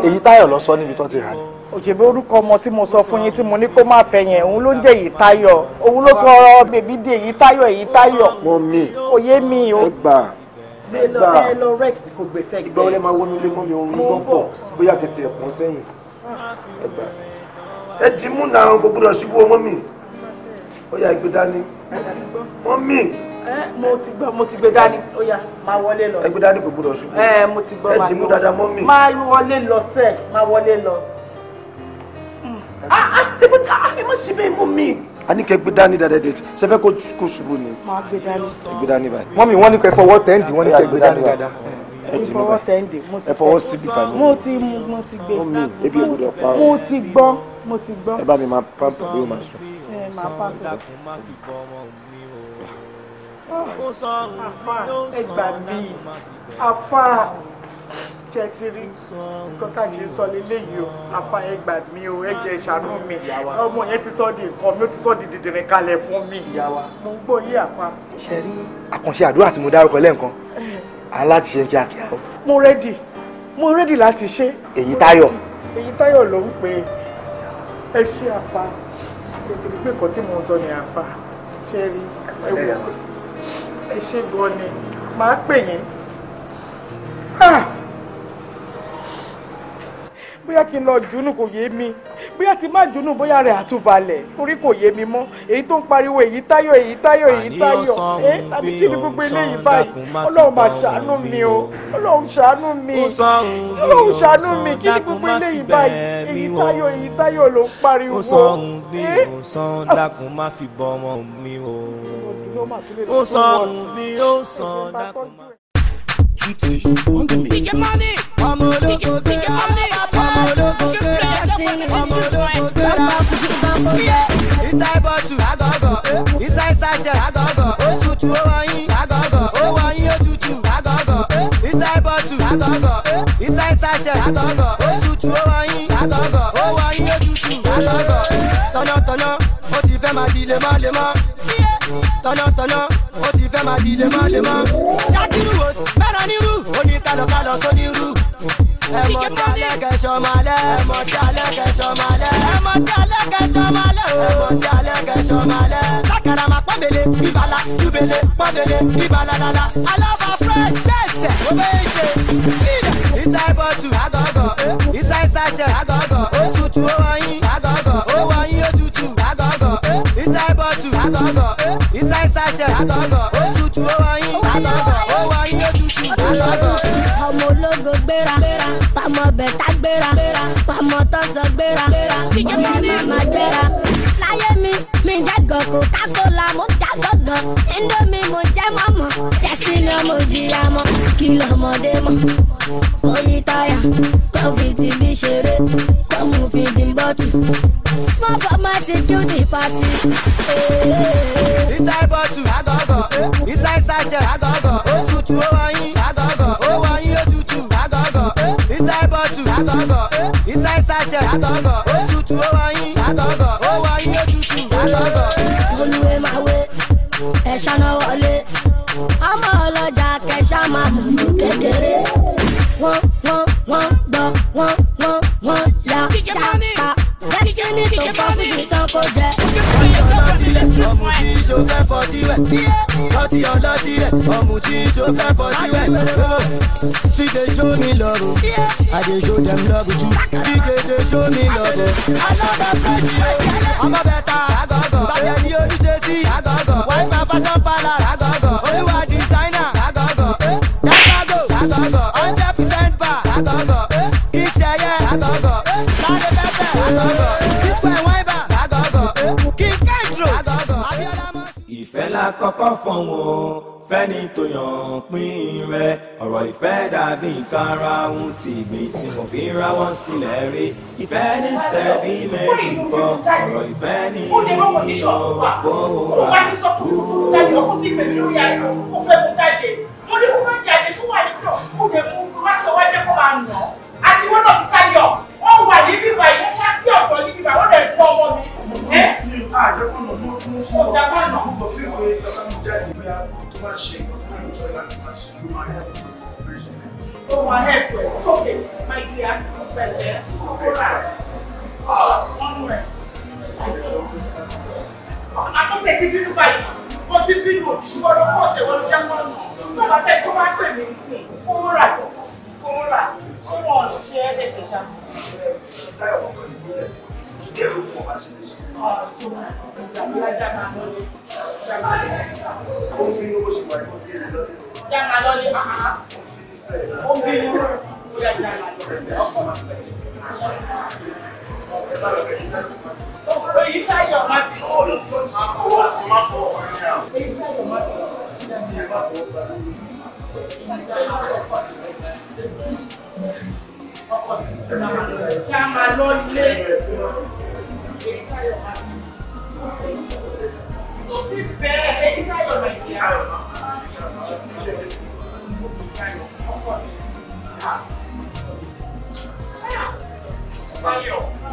D: èyí
F: táyọ̀ lọ sọ níbi tó ti rà ni
B: òṣèbí orúkọ ọmọ tí mo sọ fún yín tí mo ní kó má fẹ́ yẹn òun ló jẹ́ èyí táyọ̀ òun ló sọ bèbí di èyí táyọ̀ èyí táyọ̀ òye mi o. bẹ́ẹ̀
F: lọ rex kò gbèsè gbẹ́. ìgbà wọlé máa wọnú ilé mọ́ mi òun ló bọ̀ bóyá kẹtì ẹ̀kún sẹ́yìn. ẹ ti mú na àwọn gbogbo lọ síbú ọmọ mi ó yá ìgbé dání wọ́n mì. mo ti gbọ́ mo ti gbé dání ó yá máa wọlé lọ. ẹgbẹ́ dání kò gbọdọ̀ ṣubú. ẹ ti mú dáadáa mọ́ mi. máa
B: wọlé lọ sẹ́ẹ̀ máa wọlé lọ. Ah, ah, ah, ẹ má ṣe bẹ́ẹ̀ mú mi.
F: a ní kẹ́ gbé dání dáadáa dé ṣe fẹ́ kó ṣubú ni.
B: máa gbé dání. ẹ gbé
F: dání báyìí. mọ́mí wọ́n ní kẹ́ fọwọ́ tẹ́ǹdì wọ́n ní kẹ́ gbé dání dáadáa. ìfọwọ́
B: tẹ́ǹdì mo ti fọwọ́ síbi kan. mo ti mu mo ti
F: gbé. mọ́mí ebi òwúrọ̀ pa. mo ti gbọ́ mo ti gbọ́. ẹ bá mi máa pàṣẹ bí o máa sọ.
A: ẹ máa pàṣẹ àfà ẹgbà mi
B: àfà ṣe ti rí nǹkan tá à ń ṣe sọ léléyìí
F: o afa ẹ gbà mí o ẹ jẹ́ ìṣàánú mi ọmọ yẹn ti sọ di nǹkan mi ó ti sọ di dìdìrín kalẹ̀ fún mi mo ń gbọ́ yí
B: àfa. ṣe àkànṣe àdúrà tí mo dárúkọ lẹ́ẹ̀kan
F: aláti eh. ṣe kíákíá.
B: mo rẹ́dì mo rẹ́dì láti ṣe. èyí táyọ̀. èyí táyọ̀ ló ń pè é ẹ ṣe àfa tètè gbé nǹkan tí mo sọ ní àfa ṣe ẹ wò ẹ ṣe gan ni màá pè yín. Ah! bóyá kí n lọ jùnú kò yé mi bóyá ti má jùnú bóyá rẹ̀ àtúbalẹ̀ torí kò yé mi mọ́ èyí tó ń pariwo èyí táyọ̀ èyí táyọ̀ èyí táyọ̀ ẹ àbí kí ni gbogbo eléyìí báyìí
E: ọlọ́run máa ṣàánú mi o ọlọ́run ṣàánú mi ọlọ́run ṣàánú mi kí ni gbogbo eléyìí báyìí èyí táyọ̀ èyí táyọ̀ ló ń pariwo. ó sọ ohun bí ó
A: sọ ohun dákun má fi bọ ọmọ mi o ó sọ ohun bí ó sọ ohun dákun má. Tutti on
D: Ọmọ olóko gbé
A: ọmọ olóko gbéra inside bottle agọgọ eh. inside sachet agọgọ òtútù ó wọnyí agọgọ ó wọnyí òtútù agọgọ inside bottle agọgọ eh. inside sachet agọgọ òtútù ó wọnyí agọgọ ó wọnyí òtútù agọgọ tọ̀nàtọ̀nà ó ti fẹ́ máa di lemọ́lemọ́ tọ̀nàtọ̀nà ó ti fẹ́ máa di lemọ́lemọ́ ṣáàkiri wo mẹ́ràn nírú oníkalọ̀kalọ̀ sónírú ẹmọta lẹkẹ sọmalẹ ẹmọta lẹkẹ sọmalẹ ẹmọta lẹkẹ sọmalẹ ẹmọta lẹkẹ sọmalẹ. sakara ma pọ́nbele ibala jubele pọ́nbele ibala lala alaba fresh tẹ̀sẹ̀ o bẹ ṣe lílẹ̀. isai
E: bọ́tù agọ́gọ́ isai sachet agọ́gọ́ òtútù ó wọ̀nyí agọ́gọ́ ó wọ̀nyí òtútù agọ́gọ́ isai bọ́tù agọ́gọ́ isai sachet agọ́gọ́ òtútù ó wọ̀nyí agọ́gọ́ ó wọ̀nyí òtútù agọ́gọ́ mọ bẹ̀tà gbéra pàmò tó sọ gbéra bóyá màmá gbéra. láyé mi mi jẹ́ gọ̀kù kákólà mo já gọ̀gàn indomie mo jẹ́ mọ́mọ́ tẹ̀sínà mo
A: jìyà mọ́ kí lọ́mọdé mọ́ oyin táyà covid bí ṣeré kó fi dín bọ́tù small format kill party. Hey, eh. hey, hey. inside bottle agọgọ eh? inside sachet agọgọ òtútù eh. ó látọ̀gọ̀ inside sachet látọ̀gọ̀ òtútù ó wọ̀nyí látọ̀gọ̀ ó wọ̀nyí òtútù látọ̀gọ̀. olùwé máa wé ẹ̀ṣọ́ náà wọlé ọmọ ọlọ́jà kẹṣọ́ máa mú kékeré wọ́n wọ́n wọ́n gbọ́ wọ́n wọ́n wọ́n yá jápa destiny tó kọ́ fún ìtàn kó jẹ sílẹ̀ ọmú tí ṣó fẹ́ fọ́ tiwẹ̀ ọtí ọlọ́tí rẹ̀ ọmú tí ṣó fẹ́ fọ́ tiwẹ̀ she dey show me love o i dey show dem love too dj dey show me love o alaba fresh o ọmọ bẹta agọgọ bàjẹ́ ní oníṣẹ́ sí agọgọ wáyé máa fashion parlour agọgọ. la kọ́kọ́ fọ̀n wò fẹ́ni tó yàn pín rẹ̀ ọ̀rọ̀ ìfẹ́ dàbí nǹkan ara ohun tí ìgbín tí mo fi ra wọ́n sílẹ̀ rí ìfẹ́ ní sẹ́bí méjì kọ́ ọ̀rọ̀ ìfẹ́ ní ìyọ̀ fowó rà
B: kú. You might Oh, my head, it's okay.
D: My dear, I'm better.
B: All right. Oh, one word. Àkọ́kọ́ tẹ̀ ti bínú báyìí, wọ́n ti bínú, ìwọ ló kọ́ ọ̀sẹ̀ jẹ́ wọ́n nù. Tó bá tẹ̀ tó bá pè mí sí i, kó ń rà, kó ń rà, ṣé wọn ò ṣe é lè ṣe ṣá. Táyọ̀ wọ́n
F: pẹ̀lú ìgbésẹ̀ ìgbésẹ̀ ìlú wọn bá ṣe
B: ó ń bínú bó ṣe wà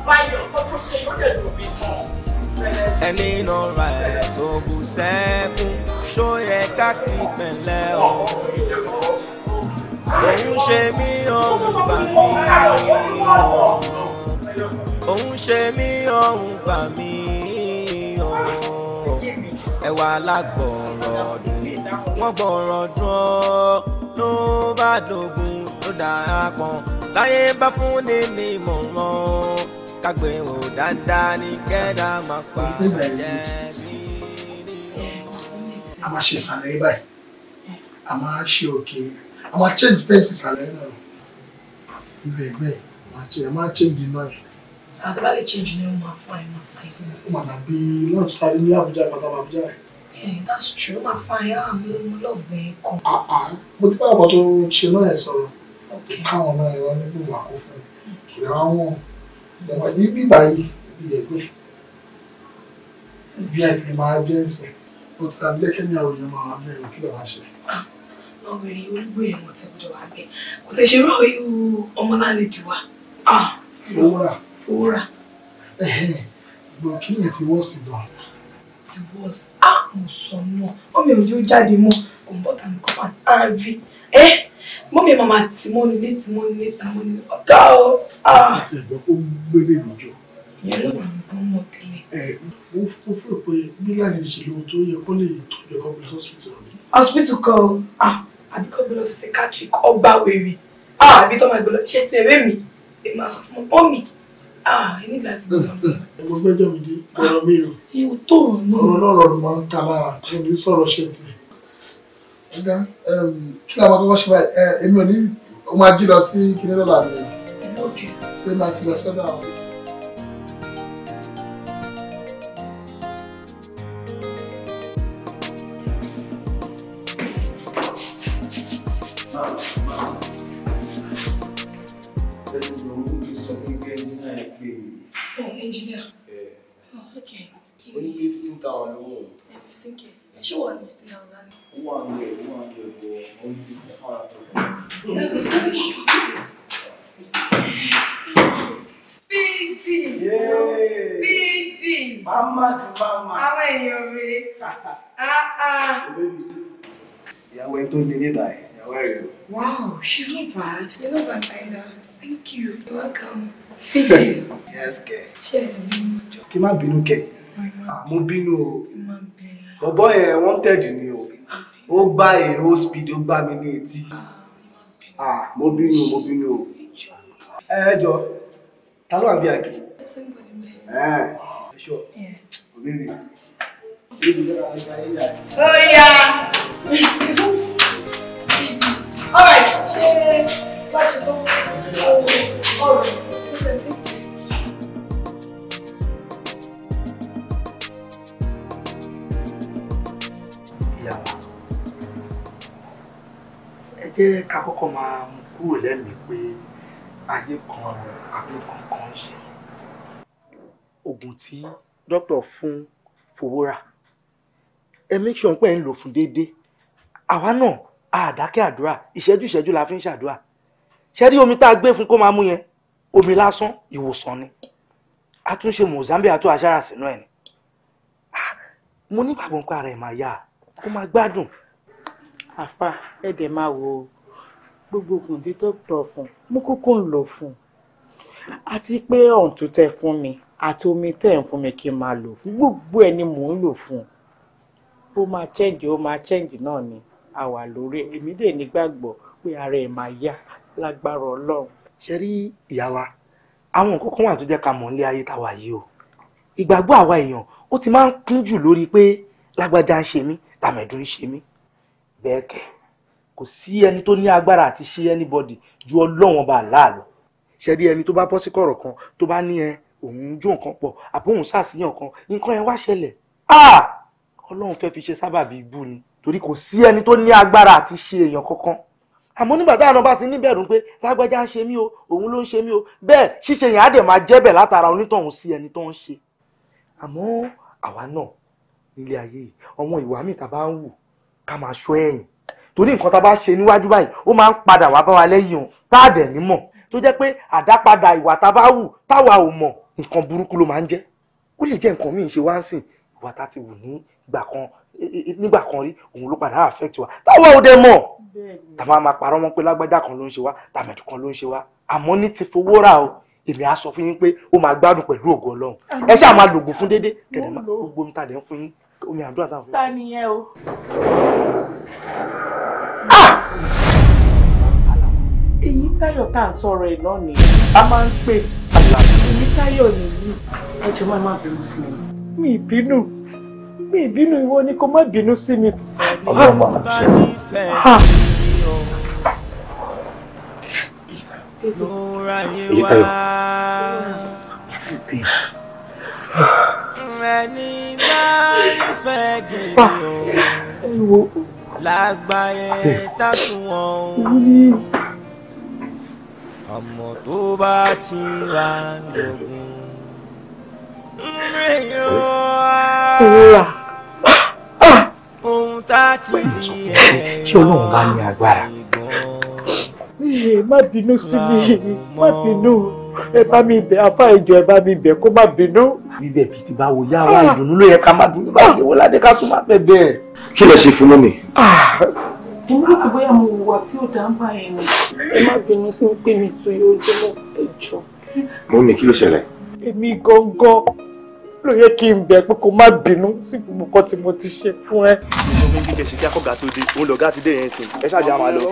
B: báyọ̀ tó tó ṣe ló lè lò mí
A: ẹni nọra ẹ̀ bù sẹ́kùn ṣó yẹ ká pẹ̀lẹ́ o. òun ṣe mí ọ̀hún bá mi ọ̀ òun ṣe mí ọ̀hún bá mi ọ̀ ẹwà alágbọ̀rọ̀ ọdún wọ́n gbọ̀rọ̀ dùn ló bá dogun ló dáa pọ̀ láyé bá fún ni ní ìmọ̀ràn kágbé wò dáadáa ní kẹ́dá máa pa ẹ̀jẹ̀ mi. a máa ṣe ìsàlẹ̀ yìí báyìí
D: a máa ṣe òkè a máa change paint ìsàlẹ̀ náà ibẹ̀ ẹgbẹ́ a máa
B: change iná yìí. àtàbà change iná yìí máa fine máa ó mà dàbí lọ́ọ̀tù sáré ní Àbújá ìbàdàn Àbújá yìí. Eh, that's true. My fire, I'm in love with you. Ah, ah
D: Mo ti bá àwọn tó ṣe náà sọ̀rọ̀. Káwọn náà ẹ̀rọ nígbò wà kó fún un. mana ikpe banye ekwe bia ìpìlẹ̀májẹ́ ẹ̀sẹ̀ ó ti ta lẹ́kẹ̀ẹ́ àwọn èèyàn máa mẹ́ òkè lọ́wọ́ ṣe.
B: ọ̀rẹ́ olúgbò ẹ̀wọ̀n tẹ gbọ́dọ̀ wá bẹ́ẹ̀ kò tẹ̀ ṣe rọ́ọ̀ irú ọmọ lálejò ah fowóra fowóra. gbogbo kí ni ẹ ti wọ́ sí gan. ti mọ́mí ẹ̀ máa máa tì mọ́nu lé tì mọ́nu lé tì mọ́nu lé ọ̀gá o. Ah. àti ẹ̀gbọ́n kó gbélé lójó. ìyẹn ló wà ní gbọ́n mọ́ tẹ́lẹ̀. ẹ mo mo fẹ́ pé mílíọ̀nù ní ìṣèlú ohun tó yẹ kó lè tọ́jú ẹ̀kọ́ bí hospital mi. hospital kan o ah, àbí kó gbé lọ sí psychiatric ọgbà Ah, àbí tó máa gbé lọ ṣe ti ẹ̀rẹ́ mi ẹ̀ máa sọ fún mọ́mí ẹni láti gbọ́dọ̀ lọ. ẹ̀gbọ́n gbẹ́jọ́ mi dé ah, ọ̀rọ̀ mi rò. ìyóò tó rọ̀ náà. ọ̀rọ̀ náà rọrùn máa ń ká lára kí n sọ̀rọ̀ ṣe tiẹ̀ ọ̀gá um,
D: kí làwọn akọ́kọ́ ṣe báyìí eh, èmi ò ní ó máa jí lọ sí kinní lọ́la mi. ok pé máa ti lọ sọ́dọ̀ àwọn.
B: She won fifteen thousand. One hundred, one hundred, or only five hundred. Speedy.
F: Yay.
B: Speedy. Mama to mama. Àwọn èèyàn mi. Ah, ah.
F: Ìyàwó ẹ tó délé báyìí, ìyàwó ẹ rẹ̀.
B: Wow, she's not bad. You're not bad either. Thank you. You're welcome.
D: Speeding. Yes, kẹ̀.
E: Ṣé ẹ̀ bínú
D: jọ? Kí má bínú kẹ̀. Oh ah, mo bínú o bọ̀bọ́ yẹn wanted ni o ó gbá èho speed ó gbá mi
F: ní etí
E: mo bínú mo bínú o
F: ẹ jọ ta ló wà bí àgì
B: Oya! All right, ṣé wá ṣe tó? All right.
D: jẹ́ ká kọ́kọ́ máa mú kúrò lẹ́mìí pé ayé kan àbí
F: kankan ń ṣe. oògùn tí dókítà fún Fowórà
B: ẹ make sure pé ẹ ń lò fún déédéé àwa náà àdákẹ́ àdúrà ìṣẹ́jú ìṣẹ́jú la fi ń ṣàdúrà ṣẹ́rí omi tá a gbé fún kó máa mú yẹn omi lásán ìwòsàn ni àtúnṣe Mozambique àtún aṣára sínú ẹ̀ ni ah, mo nígbàgbọ́n pé ara ẹ̀ máa yá kó máa gbádùn àfa ẹ̀dẹ̀ máa wò ó gbogbo oògùn tí dókítà fún mú kúkú ń lò fún àti pé ọ̀hún tó tẹ fún mi àti omi tẹ̀ ń fún mi kí n máa lò fún gbogbo ẹ̀ ni mò ń lò fún ó máa chẹ́ǹjì ó máa chẹ́ǹjì náà ni a wà lórí èmi dè nígbàgbọ́ pé ara ẹ̀ máa yá lágbára ọlọ́run. ṣe rí ìyá wa àwọn nǹkan kan wà tó jẹ́ ká mọ̀ nílé ayé táwa yìí o ìgbàgbọ́ àwa èèyàn ó ti máa ń kún jù lórí pé lágbájá ń ṣe mí tàmẹ̀dún ń ṣe mí bẹ́ẹ̀ kẹ̀ kò sí ẹni tó ní agbára àti ṣe anybody ju ọlọ́wọ́n bá láàlọ́ ṣẹ́rí ẹni tó bá bọ́ sí kọ̀rọ̀ kan tó bá ní ẹ òun jó nǹkan pọ̀ àbóhùn sàṣìyàn kan nǹkan ẹ wá ṣẹlẹ̀ ọlọ́run fẹ́ fi ṣe sábàbí ibú ni torí kò sí ẹni tó ní agbára àti ṣe èèyàn kankan àmọ́ nígbà táwọn bá ti níbẹ̀rù pé lágbájá ń ṣe mí o òun ló ń ṣe mí o bẹ́ẹ̀ ṣíṣe yẹn á dẹ̀ máa jẹ́bẹ̀ látara onítọ̀hún sí ẹni tó ń ṣe àmọ́ àwa náà nílé ayé yìí ọmọ ìwà mi tàbá ń wù ká máa ṣọ́ ẹ̀yìn torí nǹkan tá a bá ṣe níwájú báyìí ó máa ń padà wá bá wa lẹ́yìn o tá a dẹ̀ ní mọ̀ tó jẹ́ pé àdápadà ìwà tá a bá
D: wù táwa ò mọ̀ nǹkan burúkú ló máa ń jẹ́ ó lè jẹ́ nǹkan míì ṣe wá ń sìn ìwà tá a ti wù nígbà kan nígbà kan rí òun ló padà affect wa táwa ò dẹ̀ mọ̀
B: tàbá máa parọ́ mọ́ pé lágbájá kan ló ń ṣe wá tàmẹ̀dù kan ló ń ṣe wá àmọ́ ní ti fowó rà o èmi
E: á sọ fún yín pé ó máa gbádùn pẹ̀lú ògo Ọlọ́run ẹ ṣáà máa lògùn fún déédéé kẹ̀lẹ́ máa gbóhùn tàdé fún yín omi àdúrà táwọn
F: fún
B: yín. ta ni ẹ táyọ̀ tá à ń sọ̀rọ̀ ẹ̀ náà ni a máa ń pè àlàfo ní nìyí. ẹ jọ máa má bínú sí mi. mi ìbínú mi ìbínú ìwọ ni kò má bínú sí mi.
A: ọlọ́pàá máa ṣe é. èyí táyọ̀ ẹni máa ń fẹ́ gèlè o lágbàáyé tásùn o ọmọ tó bá ti wá lógun ìrora ohun tá a ti di ẹ̀rọ
B: ṣé olóhùn bá ní agbára.
D: Eh, má bínú sí mi má bínú ẹ bá mi bẹ̀ afá ìjọ ẹ bá mi bẹ̀ kó má bínú. bíbẹ̀ bíi ti báwo yá wa ìdùnnú ló yẹ ká má dùn nígbà yẹwò ládé ká tún má bẹ̀ bẹ́ẹ̀. kí lẹ ṣe fún mọ́mì.
B: Ah, èmi rò pé bóyá mo wùwà tí ò dá ń bá yẹn ni ẹ má bínú sí pé mi tó yẹ ojúmọ́ ẹjọ́.
F: mo mi kí ló ṣẹlẹ̀.
B: èmi gangan ló yẹ kí n bẹ̀ pé kó má bínú sí gbogbo nǹkan tí mo ti ṣe fún ẹ. mo fi ń
E: kíkẹ́ ṣe kí akọ́gà tó dé òun lọ́gá ti dé yẹn sìn ẹ ṣáàjì àwọn àlọ́.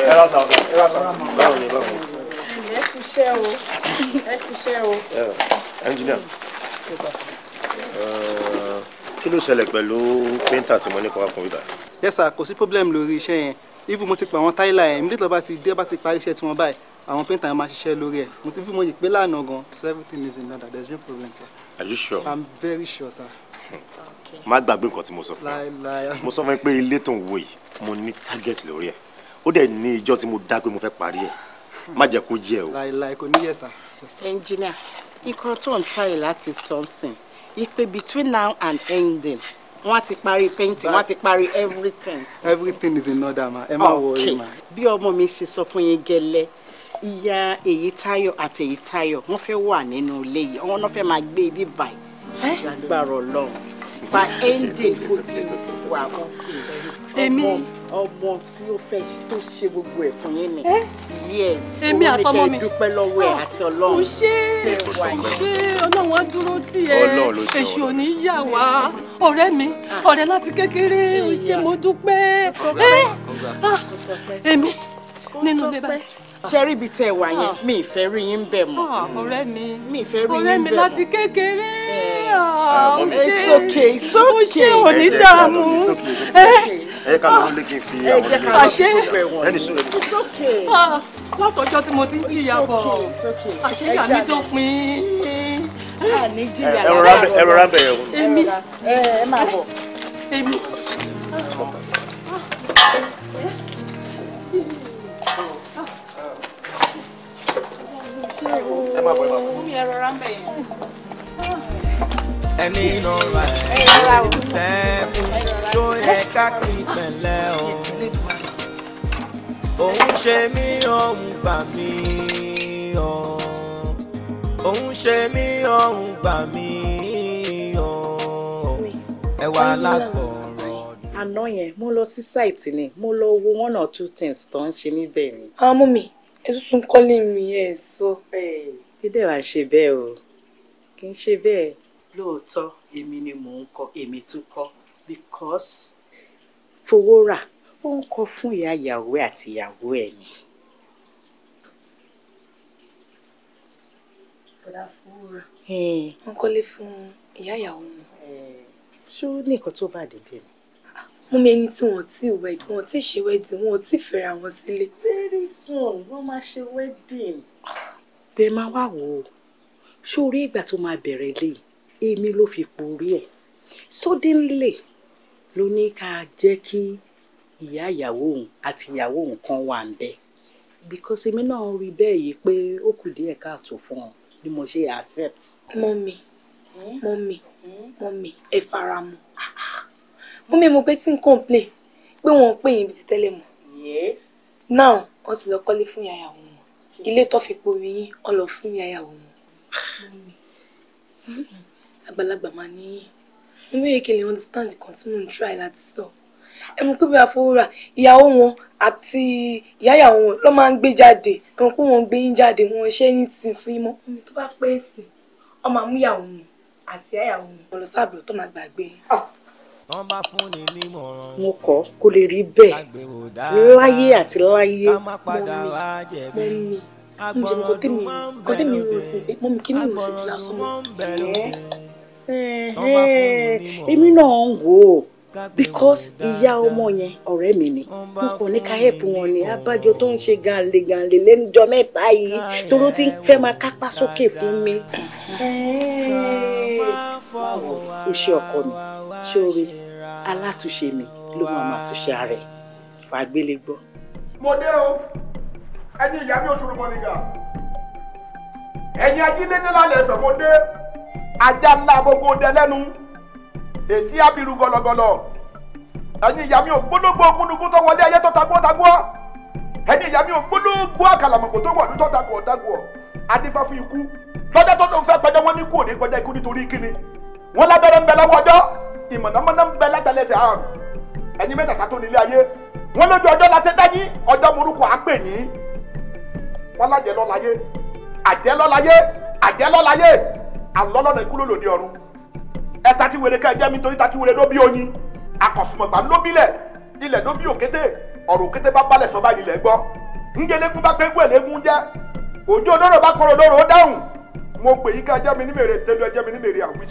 D: ẹ rà sàmù ẹ rà sàmù báwo ni
B: ẹ kúṣẹ́ o ẹ kúṣẹ́ o.
F: engineer. Eh, kí ló ṣẹlẹ̀ pẹ̀lú pẹ́ńtà tí mo ní kọ́ ọkùnrin báyìí.
B: yes sir kò sí problem lórí iṣẹ́ yẹn even mo ti pa àwọn táìlà yẹn immediately lọ́ba ti dé bá ti parí iṣẹ́ tí wọ́n báyìí àwọn pẹ́ńtà yẹn máa ṣiṣẹ́ lórí ẹ̀ mo ti fi mo yìí pé lánàá gan so everything is in order there is no problem sir.
F: are you sure. i'm
B: very sure sir.
F: má gbàgbé nǹkan tí mo sọ fún ẹ mo sọ fún ẹ pé ilé tó ń wo yìí mo ní target lórí ẹ ó dẹ̀ ní ìjọ tí mo dá pé mo fẹ́ parí ẹ má jẹ́ kó jẹ́ o. láìláì kò ní yẹ sá.
B: ẹnjìnìà nǹkan tó ń tàyè láti sọ́nsìn ipe between now and ending wọ́n ti parí painting wọ́n ti parí everything. everything is in order ma ẹ má worry ma. bí ọmọ mi ṣe sọ fún yín gẹ́lẹ́ ìyá èyí táyọ̀ àti èyí táyọ̀ wọ́n fẹ́ wà nínú ilé yìí wọ́n náà fẹ́ máa gbé ibi báyìí ṣàgbàrọ̀ lọ́hùn-ún by ending kò ti wà ókè. èmi ọmọ tí ó fẹ́ tó ṣe gbogbo ẹ̀ fún yín ni.
C: Eh? yes èmi àtọmọ mi
B: dúpẹ́ lọ́wọ́ ẹ̀ ah, àti ọlọ́run. kò ṣe é
C: ṣe ọlọ́run á dúró tì ẹ́ èṣù ò ní yà wá ọ̀rẹ́ mi ah. ọ̀rẹ́ láti kékeré ó ṣe mo dúpẹ́. Eh? Ah, èmi nínú ilé báyìí
B: ṣẹ́rí ibi tẹ́ ẹ wà yẹn mi ì fẹ́ rí yín bẹ̀ mọ́.
C: ọ̀rẹ́ mi mi ì fẹ́ rí yín bẹ̀ mọ́. ọ̀rẹ́ mi láti kékeré. it's okay
F: it's okay. ó ṣe òní
C: dààmú
F: ẹ ká lọ lé kí n fi àwọn ilé wọn ẹni sùn
C: lẹni. látọjọ́ tí mo ti ń jìyà bọ̀ àṣeyà mi tó
B: pin. Ah, ẹ rọra bẹ yẹn wọn. èmi èmi. ẹ máa bọ̀ ẹ máa bọ̀
A: ẹni lọ́ra ẹ̀ ló sẹ́ẹ̀kù tó yẹ ká kí pẹ̀lẹ́ o. òun ṣe mí ọ̀hún gbà mí o. òun ṣe mí ọ̀hún gbà mí o. ẹ wà lágbọ̀
B: àná yẹn mo lọ sí site ni mo lọ wo one or two things tó ń ṣe níbẹ̀ ni. àmọ́ ah, mi ẹ tún tún kọ́lé mi ẹ̀ sọ. kí dẹ̀ wá ṣe bẹ́ẹ̀ o kì í ṣe bẹ́ẹ̀ lóòótọ́ èmi ni mò ń kọ èmi tún kọ because Fowórà ó ń kọ fún ìyá ìyàwó àti ìyàwó ẹ̀ ni.
C: bọ̀dá Fowórà ń kọ́lé fún ìyá ìyàwó mi.
B: ṣó ní nǹkan tó bá dé ni. mú mi ẹni tí wọn ti wed wọn ti ṣe wedding wọn ti fẹ́ra wọn sílé. very soon wọ́n máa ṣe wedding. dẹ̀ máa wá wò ó ṣó orí ìgbà tó máa bẹ̀rẹ̀ léyìí èmi ló fi porí ẹ̀
C: suddenly
B: ló ní ká jẹ́ kí ìyá ìyàwó òun àti ìyàwó òun kan wà ń bẹ̀ because èmi náà rí bẹ́ẹ̀ yìí pé ó kù díẹ̀ káàtó fún ọ ni mo ṣe accept.
C: mọ́mì mọ́mì mọ́mì ẹ fara mọ́ mọ́mì mo pé tí n complain pé wọ́n pè yín bíi tẹ́lẹ̀ mọ́ now wọ́n ti lọ kọ́lé fún ìyàwó wọn ilé tó fi porí yín ọ lọ fún ìyàwó wọn. Hmm? àgbàlagbà máa ní yín mo yẹ lè understand kan tí mò ń try láti sọ
B: ẹ mọ̀ pé bí afọwọ́ra ìyàwó wọn àti ìyáyà wọn ló máa ń gbé jáde ẹ mọ̀ pé gbé yín jáde wọn ṣe ní ti fún yín mọ́ omi tó bá pẹ́ sí ọ máa mú ìyàwó wọn àti ìyáyà wọn lọ sábà tó máa gbàgbé yín ah! mo kọ kó lè rí bẹ́ẹ̀ láyé àti láyé mọ
A: mi mọ mi njẹ mi kò tẹ̀mí kò tẹ̀mí
B: sí pé mọ mi kí ni ìròṣèjú lásán mọ èmi náà ń wò ó because ìyá ọmọ yẹn ọ̀rẹ́ mi ni mo kàn ní ká help wọn ni abájọ tó ń ṣe gànlè gànlè lẹ́nujọ́ mẹ́ta yìí toró ti ń fẹ́ máa kápá sókè fún mi. o ṣe ọkọ mi ṣé o rí alátúnṣe mi ló máa máa túnṣe ara ẹ̀ fàgbélé gbọ́.
E: mo dé o ẹ̀yin ìyá mi ò ṣòro mọ́ nìkan ẹ̀yin ajínigbé lálẹ́ ẹ̀fẹ̀ mo dé. ajá ńlá gbogbo dẹ lẹ́nu èsì abiru gọlọgọlọ ẹni ìyàmí mi tó wọlé ayé tó tó tó ikú lọ́jọ́ tó tó fẹ́ pẹ́jọ́ wọn ní kú òní pẹ́jọ́ ikú nítorí kíni wọn lábẹ́rẹ́ ń bẹ lọ́wọ́ ọjọ́ ìmọ̀nàmọ́ná ń bẹ látàlẹ́sẹ̀ àrùn ẹni tó nílé ayé wọn lójú ọjọ́ la ọjọ́ yín wọn lájẹ lọ́láyé àjẹ lọ́láyé àjẹ alọ́lọ́nà ikú lòlòdì ọ̀run ẹ̀ta tí wèrè ká ẹ̀jẹ̀ mi torí ta tí wèrè ló bí oyin akọ̀sùmọ̀gbà ló bílẹ̀ ilẹ̀ ló bí òkété ọ̀rọ̀ òkété bá balẹ̀ sọ báyìí ilẹ̀ gbọ́ ńgẹ̀lẹ́gún bá pẹ́gbẹ́ ẹ̀lẹ́gún jẹ́ òjò olóró bá kọ́rọ̀ olóró dáhùn mo pè yí ká ẹ̀jẹ̀ mi ní mèrè tẹ́lu mi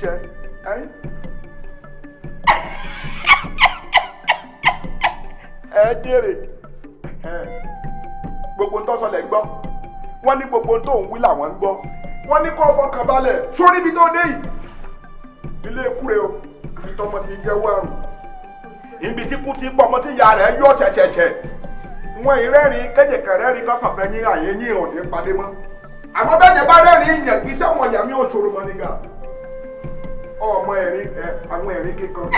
E: ẹ dèrè gbogbo gbọ́ wọ́n gbogbo wí làwọn gbọ́ wọ́n ní kó fọkàn sórí ibi tó dé yìí ilé ikú rẹ o ibi ti jẹ́wọ́ àrùn ibi tí kú ti pọ̀ ọmọ tí ìyá rẹ̀ yọ wọn àyè padé bá kí ìyá mi ò ṣòro nígbà ọmọ ẹ àwọn kíkan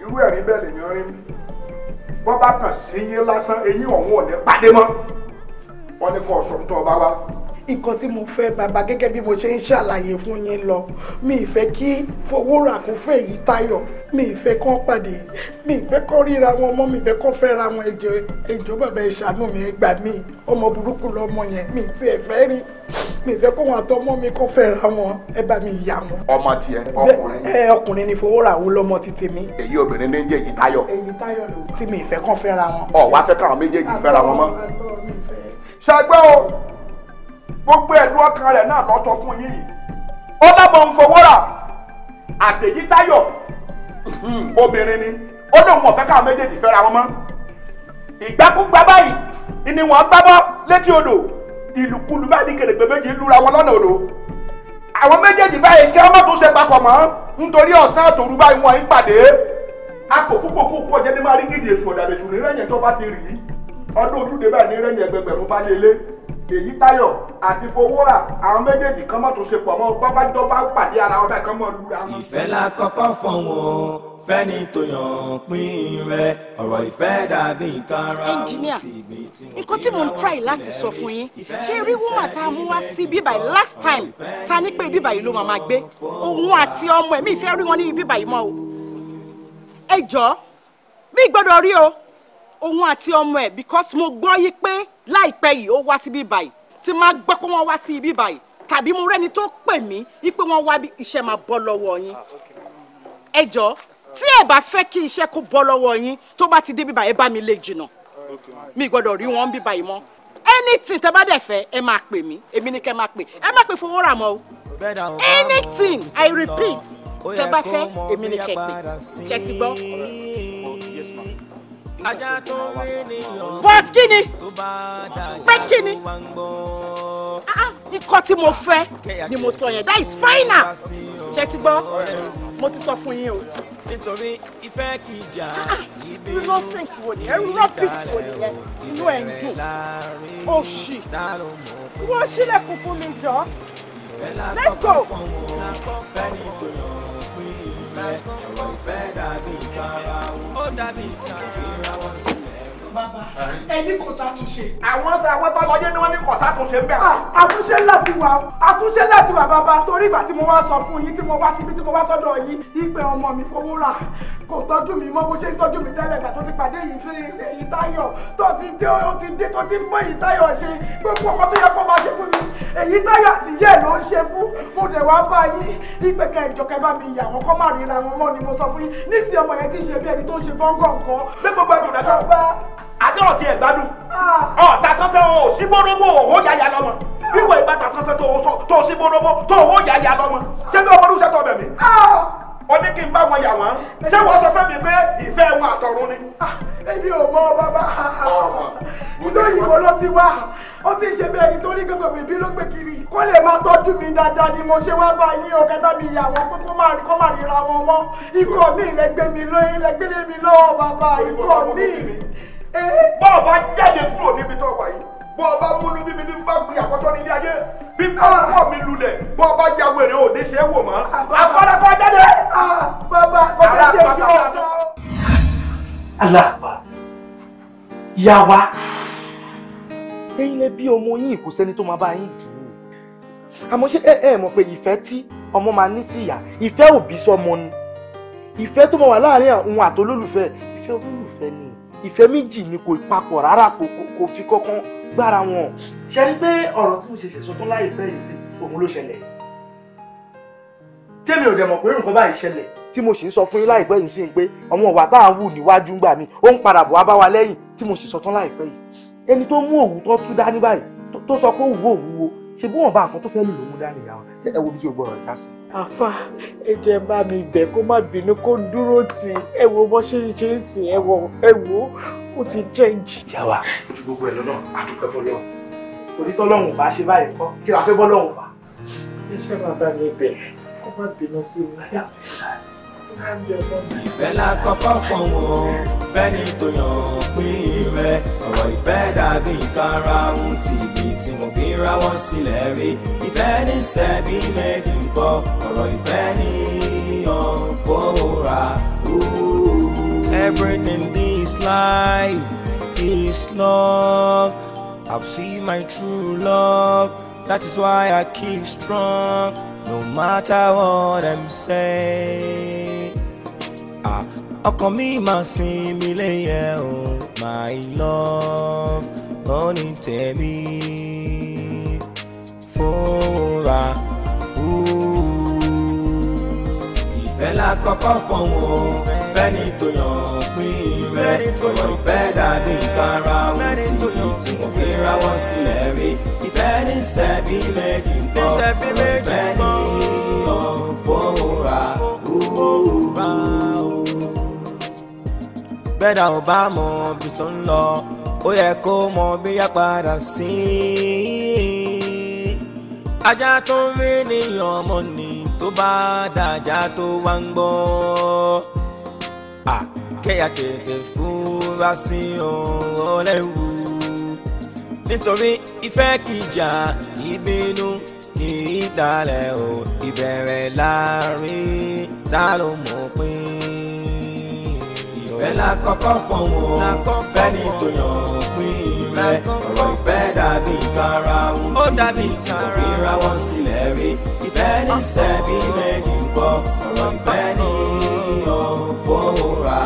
E: irú rí bá kàn sí yín lásán eyín padé wọn ni kò
B: nǹkan tí mo fẹ́ bàbá gẹ́gẹ́ bí mo ṣe ń ṣàlàyé fún yín lọ mi ì fẹ́ kí Fowórà kó fẹ́ yí Táyọ̀ mi ì fẹ́ kán pàdé mi ì fẹ́ kán ríra wọn mọ́ mi ì fẹ́ kán fẹ́ra wọn ẹ̀jẹ̀ ẹ̀jọ̀ bàbá ẹ ṣàánú mi ẹ gbà mí ọmọ burúkú lọmọ yẹn mi ti ẹ̀ fẹ́ rí mi ì fẹ́ kó wọn àtọmọ mi kán fẹ́ra wọn ẹ bá mi yà wọn.
E: ọmọ tiẹ̀ ọkùnrin.
B: ẹ ọkùnrin ni Fowórà wo lọmọ ti tèmi.
E: èyí obìnrin ní jẹ́ èyí Táyọ̀. èyí
B: Táyọ̀ ló ti mi ì fẹ́ kán fẹ́ra
E: wọn. ọ wá fẹ́ káwọn méjèèjì fẹ́ra wọn mọ́. ṣàgbọ́ o gbogbo ẹ̀dùn ọkàn rẹ̀ náà lọ́tọ̀ fún yín yìí ó lọ́mọ ń fowó rà táyọ̀ obìnrin ni ó lóun ọ̀fẹ́ káwọn méjèèjì fẹ́ra wọn mọ́ ìgbákúgbá báyìí ni wọ́n gbábọ́ létí odò ìlùkulù báyìí ní kèrègbè méjì lura wọn lọ́nà odò àwọn méjèèjì báyìí kí ṣe papọ̀ mọ́ nítorí ọ̀sán àtòrú báyìí ń pàdé kó jẹ́ ní má rí gidi èso tó bá ti ọdún ojúde báyìí ẹgbẹgbẹ̀rún èyí táyọ̀ àti fowóra àwọn méjèèjì kan mọ̀ tó ṣe pọ̀ mọ́ bábájọ́ bá pàdé ara ọba kan mọ̀ lura.
D: ìfẹ́ la
A: kọ́kọ́ fọ̀n wò fẹ́ni tó yàn pín rẹ ọ̀rọ̀ ìfẹ́ dàbí nǹkan ara ó ti
B: gbìn tí wọ́n fi ra wọ́n sílẹ̀ rí. nǹkan tí mo ń try láti sọ fún yín ṣé rí wúmà tá a mú wá sí bíbà yìí last time ta ní pé bíbà yìí ló máa máa gbé òun àti ọmọ ẹ̀ mi ìfẹ́ rí wọn ní bíbà yìí mọ́ o ẹ jọ̀ọ́ mi gbọ́dọ̀ rí o òun àti ọmọ ẹ̀ because mo gbọ́ yí pé láìpẹ́ yìí ó wá síbí báyìí tí máa gbọ́ pé wọ́n wá sí ibí báyìí tàbí mo rẹ́ni tó pè mí wípé wọ́n wá bí iṣẹ́ máa bọ́ lọ́wọ́ yín ah, ẹ jọ̀ọ́ tí ẹ bá fẹ́ kí iṣẹ́ kó bọ́ lọ́wọ́ yín tó bá ti dé bíbá ẹ bá mi lè jìnnà mi gbọ́dọ̀ rí wọn bíbá yìí mọ́ anything tẹ bá dẹ̀ fẹ́ ẹ máa pè mí èmi ni kẹ́ máa pè ẹ máa pè fowó rà mọ́ o
A: anything
B: i repeat tẹ bá fẹ́ èmi ni kẹ́ pè jẹ́ ti gbọ́
A: ajá tó rí nìyàn. but kí ni
B: pé kí ni ikọ́ tí mo fẹ́ ni mo sọ yẹn that is final ṣe ti gbọ́ mo
A: ti sọ fún yín o. nítorí ìfẹ́ kì í jà ibi ló ń wò ní ẹrú rọ́bìtì wò ní yẹn inú ẹ̀ ń dùn òṣì oh, wọ́n sílẹ̀kùn fún mi jọ let's go ìfẹ́ ọ̀rọ̀ ìfẹ́ dàbí ìtara wọn ti ìfira wọn sí bàbá
E: ẹni kò sàtúnṣe. àwọn tá àwọn tọ́lọ́jẹ́ ni wọ́n ní kò sàtúnṣe ń bẹ̀. Ah, àtúnṣe
B: láti wà àtúnṣe láti wà bàbá torí ìgbà tí mo wá sọ fún yín tí mo wá síbi tí mo wá sọ́dọ̀ yín
E: ìgbẹ́ ọmọ mi fowó rà kò tọ́jú mi mọ́ bó ṣe ń tọ́jú mi tẹ́lẹ̀ gbà tó ti pàdé èyí táyọ̀ tó ti dé ó ti dé tó ti ń bọ́ èyí táyọ̀ ṣe gbogbo ọkọ tó yẹ kó máa ṣe fún mi èyí táyọ̀ àti yẹ́ ló ń ṣe fún mo dẹ̀ wá bá yín ìgbẹ́kẹ̀ ìjọkẹ́ bá mi yà wọ́n kọ́ má ríra wọn mọ́ ni mo sọ fún yín nísìnyí ọmọ yẹn ti ṣe bí ẹni tó ń ṣe gbọ́ngàn kan gbogbo ẹ̀dùn rẹ̀ bá àṣẹ́wọ̀n ti ẹ̀ gbádùn
A: ah. ọ̀tà sọ́sẹ́ o síbórógbó òwò yáyà lọ́mọ
E: ah. wíwọ ìbátan sọ́sẹ́ tó síbórógbó tó òwò yáyà lọ́mọ ṣé bí ọmọdún ṣètò bẹ̀mí ah. ó ní kí n bá wọn yà wọ́n ṣé wọ́n sọ fẹ́ mi pé ìfẹ́ wọn àtọ̀run ni. èmi ò mọ bàbá ìlú òyìnbó ló ti wá ó ti ṣe bẹ́ẹ̀ ni gbogbo bèbí ló gbé kiri kó lè máa tọ́jú mi dáadáa ni mo ṣe wá bá yín o mi yà pé kó má kó má ríra wọn mọ́ ikọ̀ mi lẹ́gbẹ̀ẹ́ mi lọ́wọ́ bàbá ikọ̀ mi bọ́ọ̀ bá jáde kúrò níbi tó wà yìí bọ́ọ̀ bá múnú bíbí ní bá gbé àkọ́tọ́ nílé ayé bí bọ́ọ̀ mi lulẹ̀ bọ́ọ̀ bá jáwé rẹ̀ ò ní ṣe é wò mọ́ àfọ́nàkọ́ jáde. bàbá ọjọ́ ṣe é yọ ọ̀dọ́.
B: aláàbà yá wa ẹ̀yin bí ọmọ yín kò sẹ́ni tó máa bá yín dùn ún ṣé ẹ ẹ mọ̀ pé ìfẹ́ tí ọmọ máa ní sí ìyá ìfẹ́ òbí sọmọ ni ìfẹ́ tó máa wà láàárín òun àtolólùfẹ́ ìfẹ́ olólùfẹ́ ni ìfẹ́ méjì ni kò papọ̀ rárá kò kò fi kankan gbára wọn. ṣe rí pé ọ̀rọ̀ tí mo ṣẹ̀ṣẹ̀ sọ tó láì bẹ́ẹ̀ sí òun ló ṣẹlẹ̀ tèmi ò dẹ̀ mọ̀ pé nǹkan báyìí ṣẹlẹ̀ tí mo sì ń sọ fún yín láìpẹ́ yìí sí ń pé ọmọ ìwà tá à ń wù níwájú ńgbà mi ó ń padà bọ̀ wá bá wa lẹ́yìn tí mo sì sọ láìpẹ́ yìí ẹni tó mú òwú tó tú dání báyìí tó sọ pé òwú òwúwo ṣe bí wọn bá àkọ́ tó fẹ́ lò lòun dání ìyá wọn ẹ bí tí o gbọ́dọ̀ já sí. àfà ẹjẹ bá mi bẹ̀ kó má bínú kó dúró tì ẹ wo bó ṣe ń ṣe ń sìn ẹ wo ẹ wo ó ti
F: jẹ́ǹjì. ìyá wa ju gbogbo ẹ lọ́nà àdúpẹ́ fọlọ́ torí tọ́lọ́hún bá ṣe báyìí kọ́ kí wàá fẹ́ bọ́lọ́hún fà. iṣẹ́ bàbá mi bẹ̀ kó má bínú sí mi
A: ìfẹ́ la kọ́kọ́ fọ̀n wọn fẹ́ni tó yàn pín rẹ ọ̀rọ̀ ìfẹ́ dàbí karahun tìbí tí mo fi ráwọ́ sílẹ̀ rí ìfẹ́ ní sẹ́bí méjì ń bọ̀ ọ̀rọ̀ ìfẹ́ ní yàn fòórà. Everything in this life is love. I've seen my true love. That is why I keep strong, no matter what I'm saying. Ah, ọkàn mi máa sinmi lẹ́yẹ o my love ọ̀nì tẹ̀mí fúnra kú. ìfẹ́ la kọ́kọ́ fọ̀n o ìfẹ́ ni tó yàn pín ìfẹ́ ọ̀rọ̀ ìfẹ́ dàbí kára ohun tí tí mo fi ra wọ́n sílẹ̀ rí ìfẹ́ ní sẹ́bí méjì ń bọ̀ ọ̀rọ̀ ìfẹ́ ní. bẹ́ẹ̀dá ò bá mọ ibi tó ń lọ ó yẹ kó mọ bí yá padà sí i. ajá tó ń rí níyàn ọmọ nì tó bá dàjà tó wá ń gbọ́ kéèyàn tètè fúnra sí ọ̀rọ̀ lẹ́wù nítorí ìfẹ́ kìjà ìbínú kì í o ìbẹ̀rẹ̀ láàrin tá ló mú rẹ̀ la kọ́kọ́ fọ̀wọ́n fẹ́ni tó yàn pín rẹ̀ ọ̀rọ̀ ìfẹ́ dàbí karahun tí kì í fira wọn sílẹ̀ rí ìfẹ́ ní ah. sẹ́bí méjì ń ọ̀rọ̀ ìfẹ́ ah. ní yàn fòrà.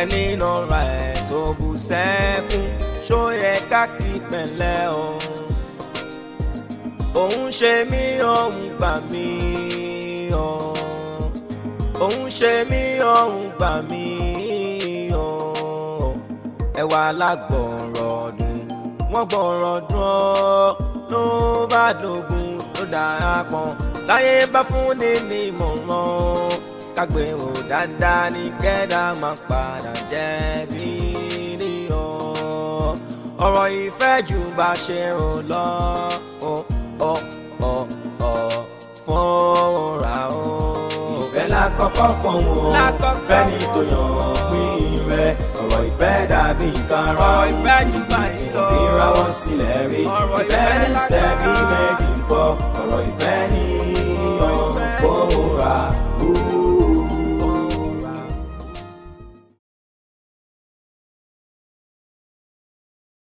A: ẹni nọra ẹ̀ tó bú sẹ́kún ṣó yẹ ká kí pẹ̀lẹ́ o òun ṣe mí ọ̀hún gbà mí o òun ṣe mí ọ̀hún gbà mí o ẹ wà lágbọ̀ọ̀rọ̀ ọdún wọ́n gbọ̀ọ̀rọ̀ ọ́ ló bá dogun ló dára pọ̀n láyé bá fún ni ní ìmọ̀ràn kágbé ò dáadáa ní kẹ́dá máa padà jẹ̀bi nìyọ ọ̀rọ̀ ìfẹ́ jù bá ṣe rò lọ ọ̀ ọ̀ ọ̀ fúnra o. ìfẹ́ lákọ́kọ́ fún wọn fẹ́ni tó yàn pín rẹ ọ̀rọ̀ ìfẹ́ dàbí nǹkan rọ ìfẹ́ jù bá ti lọ fi rawọ́ sílẹ̀ rí ìfẹ́ ní sẹ́bí méjì ń bọ̀ ọ̀rọ̀ ìfẹ́ ní ọ̀rọ̀ fòwúra.